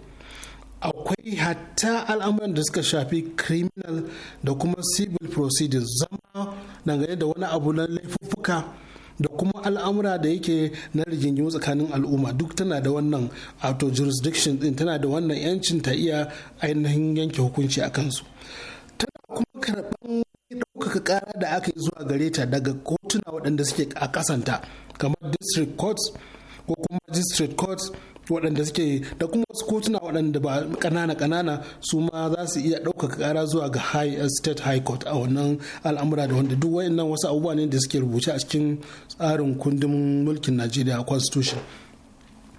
akwai hatta al'amuran da suka shafi criminal da kuma civil proceedings zama dangane da wani abu na laifuffuka da kuma al'amura da yake na rigingimu tsakanin al'umma duk tana da wannan auto jurisdiction din tana da wannan yancin ta iya ainihin yanke hukunci a kansu tana kuma karɓan ɗaukaka ƙara da aka yi zuwa gare ta daga kotuna waɗanda suke a kasanta kamar district courts ko kuma district courts waɗanda suke da kuma wasu kotuna waɗanda ba ƙanana ƙanana su ma za su iya ɗaukaka ƙara zuwa ga high eh, state high court a wannan al'amura da wanda duk nan wasu abubuwa ne da suke rubuce a cikin tsarin kundin mulkin najeriya constitution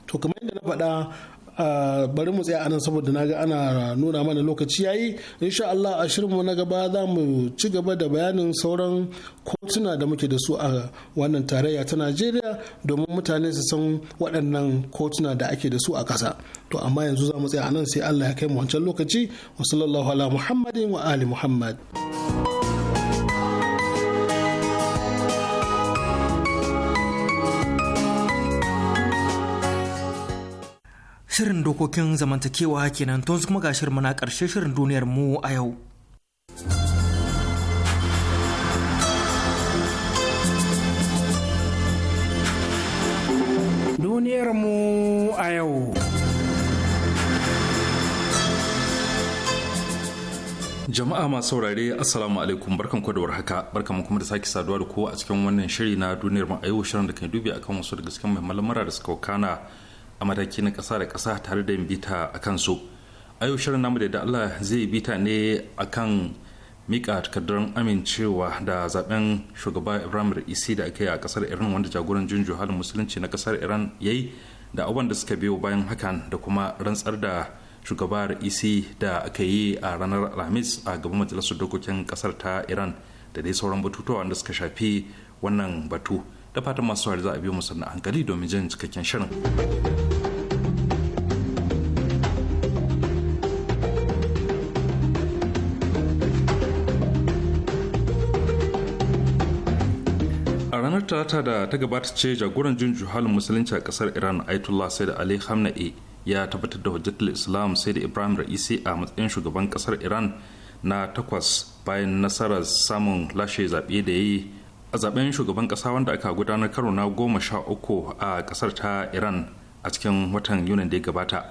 to kamar yadda na faɗa Ah, bari mu tsaya anan saboda na ga ana nuna mana lokaci yayi insha Allah a mu na gaba za mu ci gaba da bayanin sauran kotuna da muke da su a wannan tarayya ta Najeriya domin mutane su san waɗannan kotuna da ake da su a ƙasa to amma yanzu za mu tsaya anan sai Allah ya kai mu wancan lokaci wa sallallahu ala muhammadin wa ali muhammad Shirin dokokin zamantakewa kenan tun kuma ga shirin mana karshe shirin duniyar mu a yau. Duniyar mu a yau. Jama'a masu saurare Assalamu alaikum barkan ku da warhaka barkan mu kuma da sake saduwa da kowa a cikin wannan shiri na duniyar mu a yau shirin da kan dubi akan wasu daga cikin mai malamara da suka kana a mataki na kasa da kasa tare da bita a kansu a yau shirin namu da da allah zai bita ne a kan mika takardar amincewa da zaben shugaba ibrahim isi da aka yi a kasar iran wanda jagoran junju halin musulunci na kasar iran ya yi da abubuwan da suka biyo bayan hakan da kuma rantsar da shugaba isi da aka yi a ranar alhamis a gaban majalisar dokokin kasar ta iran da dai sauran batutuwa wanda suka shafi wannan batu. da fatan masu sauri za a biyo musamman hankali domin jin cikakken shirin talata da ta gabata ce jagoran jin halin musulunci a kasar iran aitullah sai da ali khamenei ya tabbatar da hujjatul islam sai da ibrahim ra'isi a matsayin shugaban kasar iran na takwas bayan nasarar samun lashe zaɓe da ya yi a zaben shugaban kasa wanda aka gudanar karo na goma sha uku a kasar ta iran a cikin watan yunin da ya gabata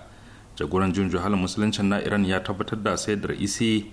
jagoran junju halin musuluncin na iran ya tabbatar da sayar da isi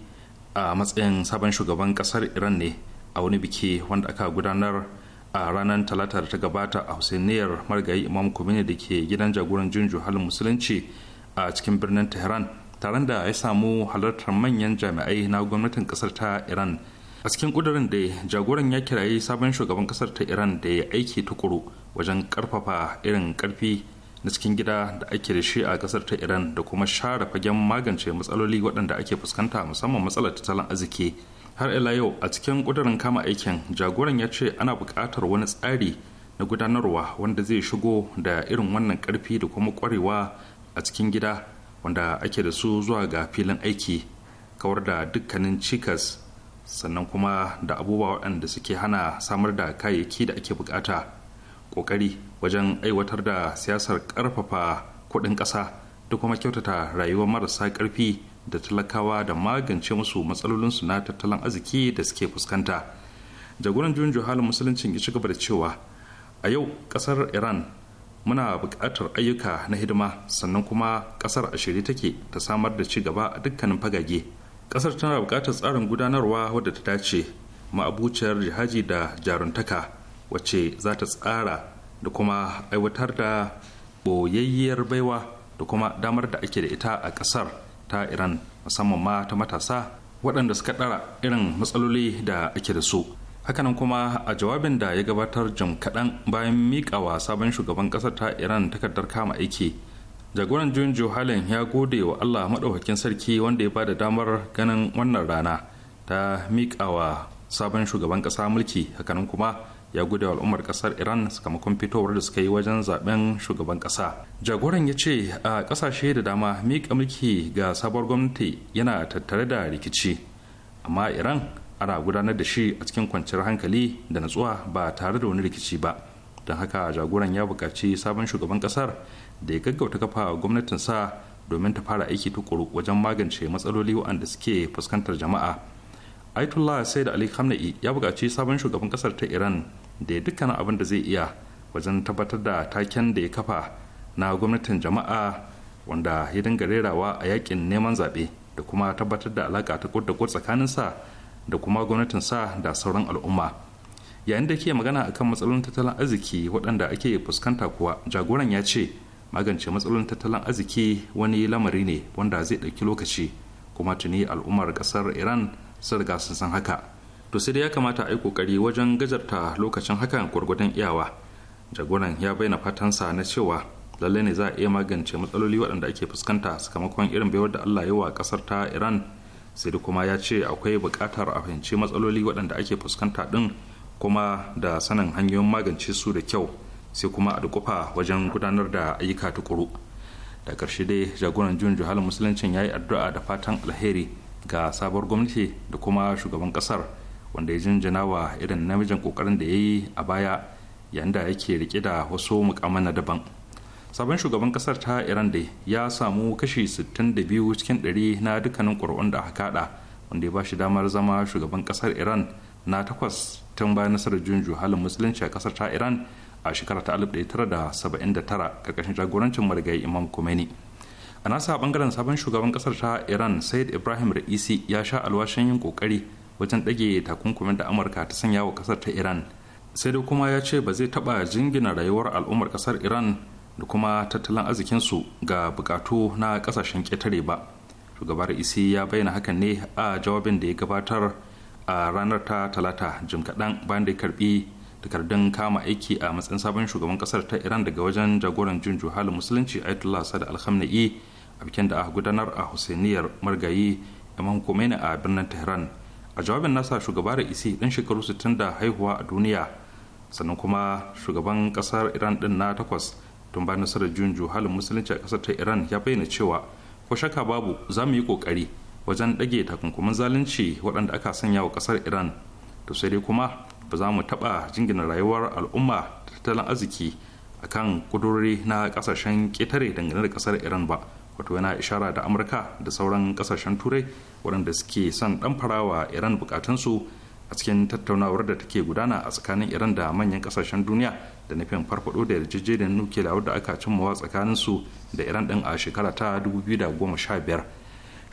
a matsayin sabon shugaban kasar iran ne a wani biki wanda aka gudanar a ranar talata da ta gabata a husainiyar marigayi imam kumini da ke gidan jagoran junju halin musulunci a cikin birnin tehran tare da ya samu halartar manyan jami'ai na gwamnatin kasar ta iran a cikin kudurin da jagoran ya kirayi sabon shugaban kasar ta iran da ya aiki tukuru wajen karfafa irin karfi na cikin gida da ake da shi a kasar ta iran da kuma share fagen magance matsaloli waɗanda ake fuskanta musamman matsalar tattalin arziki har ila yau a cikin kudurin kama aikin jagoran ya ce ana buƙatar wani tsari na gudanarwa wanda zai shigo da irin wannan karfi da kuma kwarewa a cikin gida wanda ake da su zuwa ga filin aiki kawar da dukkanin cikas sannan kuma da abubuwa waɗanda suke hana samar da kayayyaki da ake bukata ƙoƙari wajen aiwatar da siyasar ƙarfafa kuɗin ƙasa da kuma kyautata rayuwar marasa ƙarfi da talakawa da magance musu matsalolinsu na tattalin arziki da suke fuskanta jagoran juyin halin musuluncin ya ci gaba da cewa a yau ƙasar iran muna buƙatar ayyuka na hidima sannan kuma ƙasar a take ta samar da ci gaba a dukkanin fagage kasar tana bukatar tsarin gudanarwa wadda ta dace ma'abuciyar jihaji da jaruntaka wacce za ta tsara da kuma aiwatar da boyayyiyar baiwa da kuma damar da ake da ita a ƙasar ta iran musamman ma ta matasa waɗanda suka ɗara irin matsaloli da ake da su hakanan kuma a jawabin da ya gabatar jim kaɗan bayan miƙawa sabon shugaban ƙasar ta iran takardar kama aiki jagoran juyin johalin ya gode wa allah maɗaukakin sarki wanda ya ba da damar ganin wannan rana ta miƙawa sabon shugaban ƙasa mulki hakanan kuma ya wa al'ummar ƙasar iran sakamakon fitowar da suka yi wajen zaben shugaban ƙasa. jagoran ya ce a ƙasashe da dama mika mulki ga sabuwar gwamnati yana tattare da rikici amma iran ana gudanar da shi a cikin kwanciyar hankali da natsuwa ba tare da wani rikici ba don haka jagoran ya buƙaci sabon shugaban ƙasar. da ya gaggauta kafa gwamnatin sa domin ta fara aiki tukuru wajen magance matsaloli waɗanda suke fuskantar jama'a aitullah sai da ali khamenei ya buƙaci sabon shugaban ƙasar ta iran da ya dukkan abin da zai iya wajen tabbatar da taken da ya kafa na gwamnatin jama'a wanda ya dinga rerawa a yakin neman zaɓe da kuma tabbatar da alaƙa ta da tsakanin sa da kuma gwamnatin sa da sauran al'umma yayin da ke magana akan matsalolin tattalin arziki waɗanda ake fuskanta kuwa jagoran ya ce magance matsalolin tattalin arziki wani lamari ne wanda zai ɗauki lokaci kuma tuni al'ummar ƙasar iran sun riga sun san haka to sai dai ya kamata a yi ƙoƙari wajen gajarta lokacin hakan gwargwadon iyawa jagoran ya bayyana fatansa na cewa lallai ne za a iya magance matsaloli waɗanda ake fuskanta sakamakon irin baiwar da allah ya wa ƙasar ta iran sai da kuma ya ce akwai buƙatar a fahimci matsaloli waɗanda ake fuskanta ɗin kuma da sanin hanyoyin magance su da kyau sai kuma a dukufa wajen gudanar da ayyuka tukuru da karshe dai jagoran jun juhalin musuluncin ya yi addu'a da fatan alheri ga sabuwar gwamnati da kuma shugaban kasar wanda ya jinjina wa irin namijin kokarin da ya yi a baya yayin da yake rike da wasu mukamman na daban sabon shugaban kasar ta iran dai ya samu kashi 62 cikin 100 na dukkanin ƙuri'un da aka kada wanda ya ba shi damar zama shugaban kasar iran na takwas tun bayan nasarar junju halin musulunci a kasar ta iran a shekara ta 1979 karkashin jagorancin marigayi imam khomeini a nasa bangaren sabon shugaban kasar ta iran said ibrahim ra'isi ya sha alwashin yin kokari wajen ɗage takunkumin da amurka ta sanya wa kasar ta iran sai dai kuma ya ce ba zai taɓa jingina rayuwar al'ummar kasar iran da kuma tattalin arzikinsu ga bukatu na kasashen ƙetare ba shugaba ra'isi ya bayyana hakan ne a jawabin da ya gabatar a ranar ta talata jim kaɗan bayan da ya karbi takardun kama aiki a matsayin sabon shugaban kasar ta iran daga wajen jagoran jin juhalin musulunci ayatollah sada alhamna'i a bikin da aka gudanar a husainiyar margayi imam khomeini a birnin tehran a jawabin nasa shugaba da isi dan shekaru 60 da haihuwa a duniya sannan kuma shugaban kasar iran din na takwas tun bayan nasarar jin juhalin musulunci a kasar ta iran ya bayyana cewa ko shaka babu za mu yi kokari wajen dage takunkumin zalunci waɗanda aka sanya wa kasar iran to sai dai kuma ba za mu taɓa jingina rayuwar al'umma da tattalin arziki a kan kudurori na kasashen ƙetare dangane da ƙasar iran ba wato yana ishara da amurka da sauran ƙasashen turai waɗanda suke son wa iran bukatunsu a cikin tattaunawar da take gudana a tsakanin iran da manyan ƙasashen duniya da nufin farfaɗo da yarjejeniyar nukiliya wadda aka cimmawa tsakanin su da iran ɗin a shekara ta 2015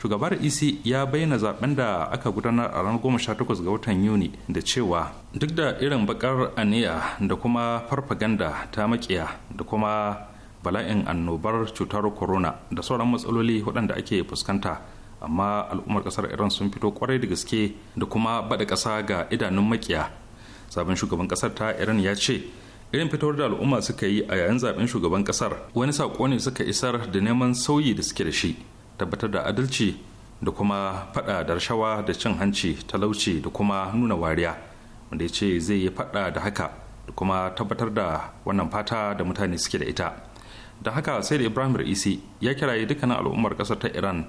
shugabar ec ya bayyana zaben da aka gudanar a ranar takwas ga watan yuni da cewa duk da irin bakar aniya da kuma farfaganda ta makiya da kuma bala'in annobar cutar corona da sauran matsaloli waɗanda ake fuskanta amma al'ummar ƙasar iran sun fito kwarai da gaske da kuma baɗa ƙasa ga idanun makiya sabon shugaban ƙasar ta iran ya ce irin fitowar da al'umma suka yi a yayin zaben shugaban ƙasar wani saƙo ne suka isar da neman sauyi da suke da shi tabbatar da adalci da kuma fada da rashawa da cin hanci talauci da kuma nuna wariya wanda ya ce zai yi fada da haka da kuma tabbatar da wannan fata da mutane suke da ita da haka sai da ibrahim isi ya kiraye dukkanin al'ummar kasar ta iran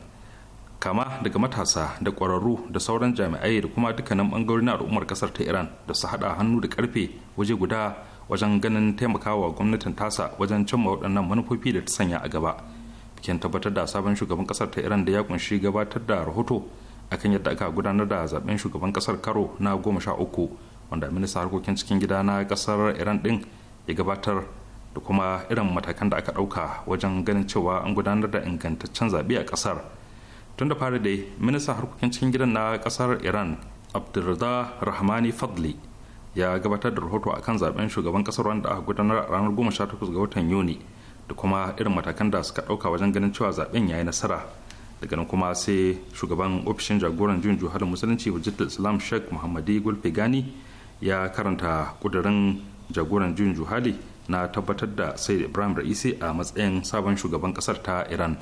kama daga matasa da ƙwararru da sauran jami'ai da kuma dukkanin bangarorin al'ummar kasar ta iran da su haɗa hannu da karfe waje guda wajen ganin taimakawa gwamnatin tasa wajen cimma waɗannan manufofi da ta sanya a gaba kin tabbatar da sabon shugaban kasar ta iran da ya kunshi gabatar da rahoto akan yadda aka gudanar da zaben shugaban kasar karo na goma sha uku wanda minista harkokin cikin gida na kasar iran din ya gabatar da kuma irin matakan da aka ɗauka wajen ganin cewa an gudanar da ingantaccen zaɓe a kasar tun da fari dai ministan harkokin cikin gidan na kasar iran abdulrada rahmani fadli ya gabatar da rahoto akan zaben shugaban kasar wanda aka gudanar a ranar takwas ga watan yuni da kuma irin matakan da suka ɗauka wajen ganin cewa zaben ya yi nasara daga nan kuma sai shugaban ofishin jagoran juyin juhalin musulunci hujjatul islam sheikh muhammadi gulfi gani ya karanta kudurin jagoran juyin juhali na tabbatar da sai ibrahim ra'isi a matsayin sabon shugaban kasar ta iran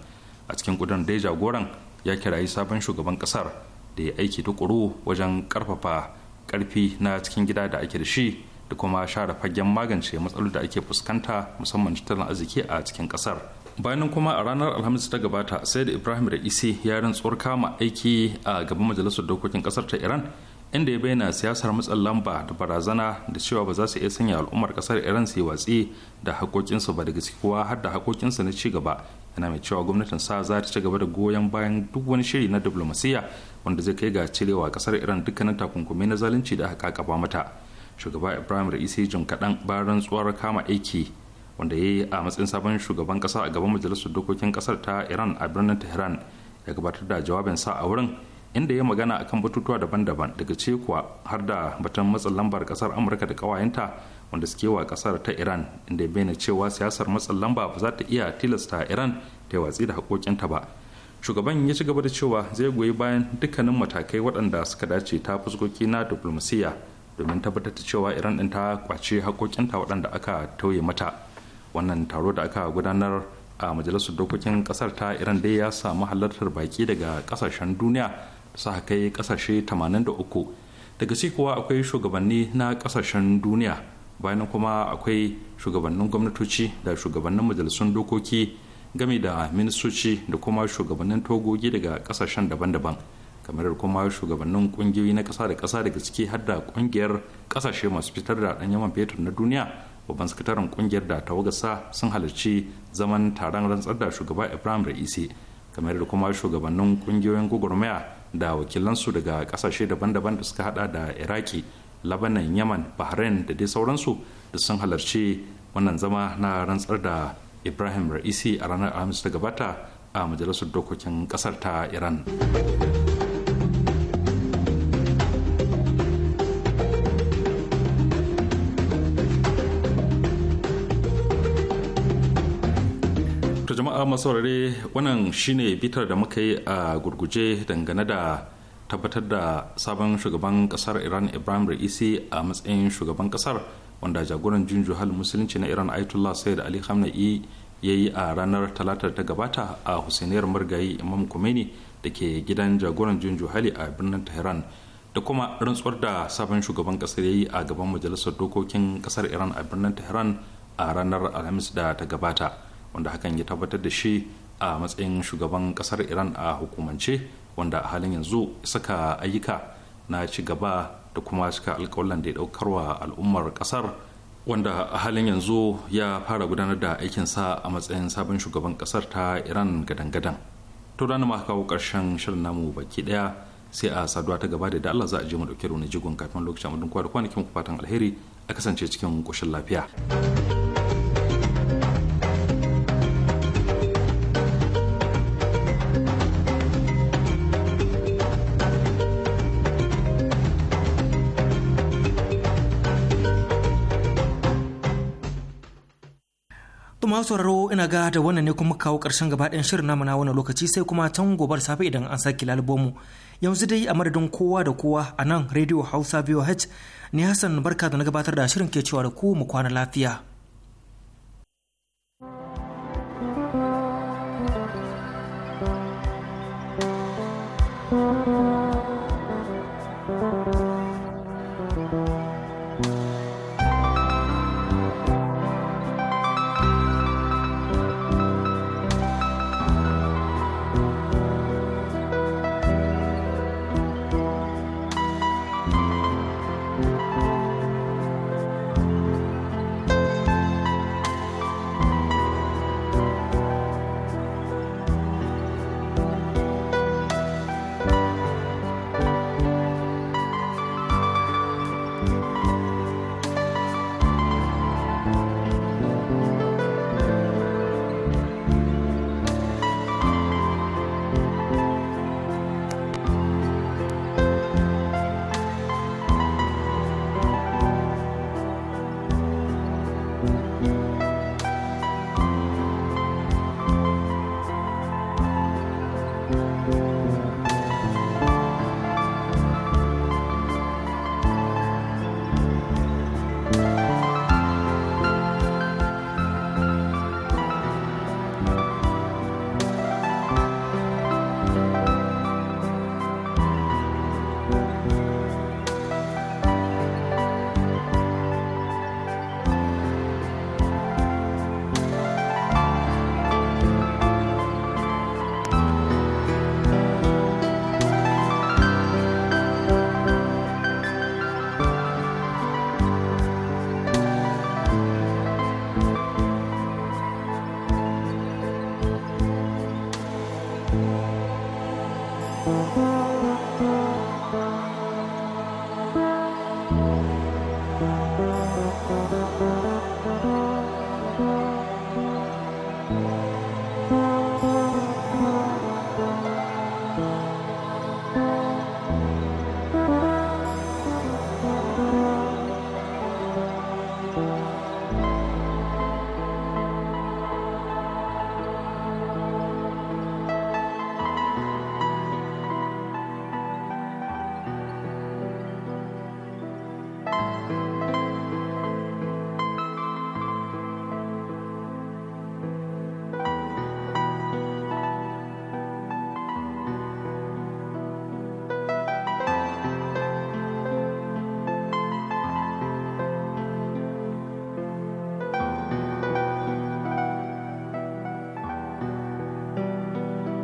a cikin kudurin dai jagoran ya kirayi sabon shugaban kasar da ya aiki tukuru wajen karfafa karfi na cikin gida da ake da shi da kuma share fagen magance matsalolin da ake fuskanta musamman tattalin arziki a cikin kasar bayanin kuma a ranar alhamis ta gabata sai da ibrahim da isi ya rantsuwar kama aiki a gaban majalisar dokokin kasar ta iran inda ya bayyana siyasar matsin lamba da barazana da cewa ba za su iya sanya al'ummar kasar iran su yi watsi da haƙoƙinsu ba da gaskiya har da haƙoƙinsu na ci gaba yana mai cewa gwamnatin sa za ta ci gaba da goyon bayan duk wani shiri na diplomasiya wanda zai kai ga cirewa kasar iran dukkanin takunkumi na zalunci da aka kaba mata shugaba ibrahim ra'isi jim kaɗan bayan rantsuwar kama aiki wanda ya yi a matsayin sabon shugaban ƙasa a gaban majalisar dokokin ƙasar ta iran a birnin tehran ya gabatar da jawabin sa a wurin inda ya magana akan batutuwa daban-daban daga ce har da batun matsin lambar ƙasar amurka da ƙawayenta wanda suke wa ƙasar ta iran inda ya bayyana cewa siyasar matsin lamba ba za ta iya tilasta iran ta watsi da haƙoƙinta ba shugaban ya ci gaba da cewa zai goyi bayan dukkanin matakai waɗanda suka dace ta fuskoki na diflomasiyya domin tabbatar da cewa iran ɗin ta kwace haƙoƙinta waɗanda aka tauye mata wannan taro da aka gudanar a majalisar dokokin ƙasar ta iran dai ya samu halartar baki daga ƙasashen duniya da sa kai ƙasashe 83 daga ci kuwa akwai shugabanni na ƙasashen duniya bayan kuma akwai shugabannin gwamnatoci da shugabannin majalisun dokoki game da ministoci da kuma shugabannin togogi daga ƙasashen daban-daban kamar kuma shugabannin kungiyoyi na kasa da kasa daga ciki har da kungiyar kasashe masu fitar da dan yaman fetur na duniya babban sakataren kungiyar da ta wagasa sun halarci zaman taron rantsar da shugaba ibrahim ra'isi kamar da kuma shugabannin kungiyoyin gwagwarmaya da wakilansu daga kasashe daban-daban da suka hada da iraki labanan yaman bahrain da dai sauransu da sun halarci wannan zama na rantsar da ibrahim ra'isi a ranar alhamis ta gabata a majalisar dokokin kasar ta iran masu wannan shine bitar da muka yi a gurguje dangane da tabbatar da sabon shugaban kasar iran ibrahim ra'isi a matsayin shugaban kasar wanda jagoran junju hal musulunci na iran ayatollah sayyid ali khamenei ya yi a ranar talatar ta gabata a husainiyar margayi imam khomeini da ke gidan jagoran junju hali a birnin tehran da kuma rantsuwar da sabon shugaban kasar ya yi a gaban majalisar dokokin kasar iran a birnin tehran a ranar alhamis da ta gabata wanda hakan ya tabbatar da shi a matsayin shugaban kasar iran a hukumance wanda a halin yanzu saka ayyuka na ci gaba da kuma suka alkawalan da ya daukarwa al'ummar kasar wanda a halin yanzu ya fara gudanar da aikinsa a matsayin sabon shugaban kasar ta iran gadan-gadan to da ma kawo karshen shirin namu baki daya sai a saduwa ta gaba da Allah za a je mu dauke da jigon kafin lokacin mu kwa da kwanakin fatan alheri a kasance cikin koshin lafiya. masu sauraro ina ga da wannan ne kuma kawo karshen gaba ɗayan shirin namu na wannan lokaci sai kuma can gobar safe idan an sake lalbomu yanzu dai a madadin kowa da kowa a nan radio hausa voh ne hassan barka da na gabatar da shirin ke cewa da ku mu kwana lafiya.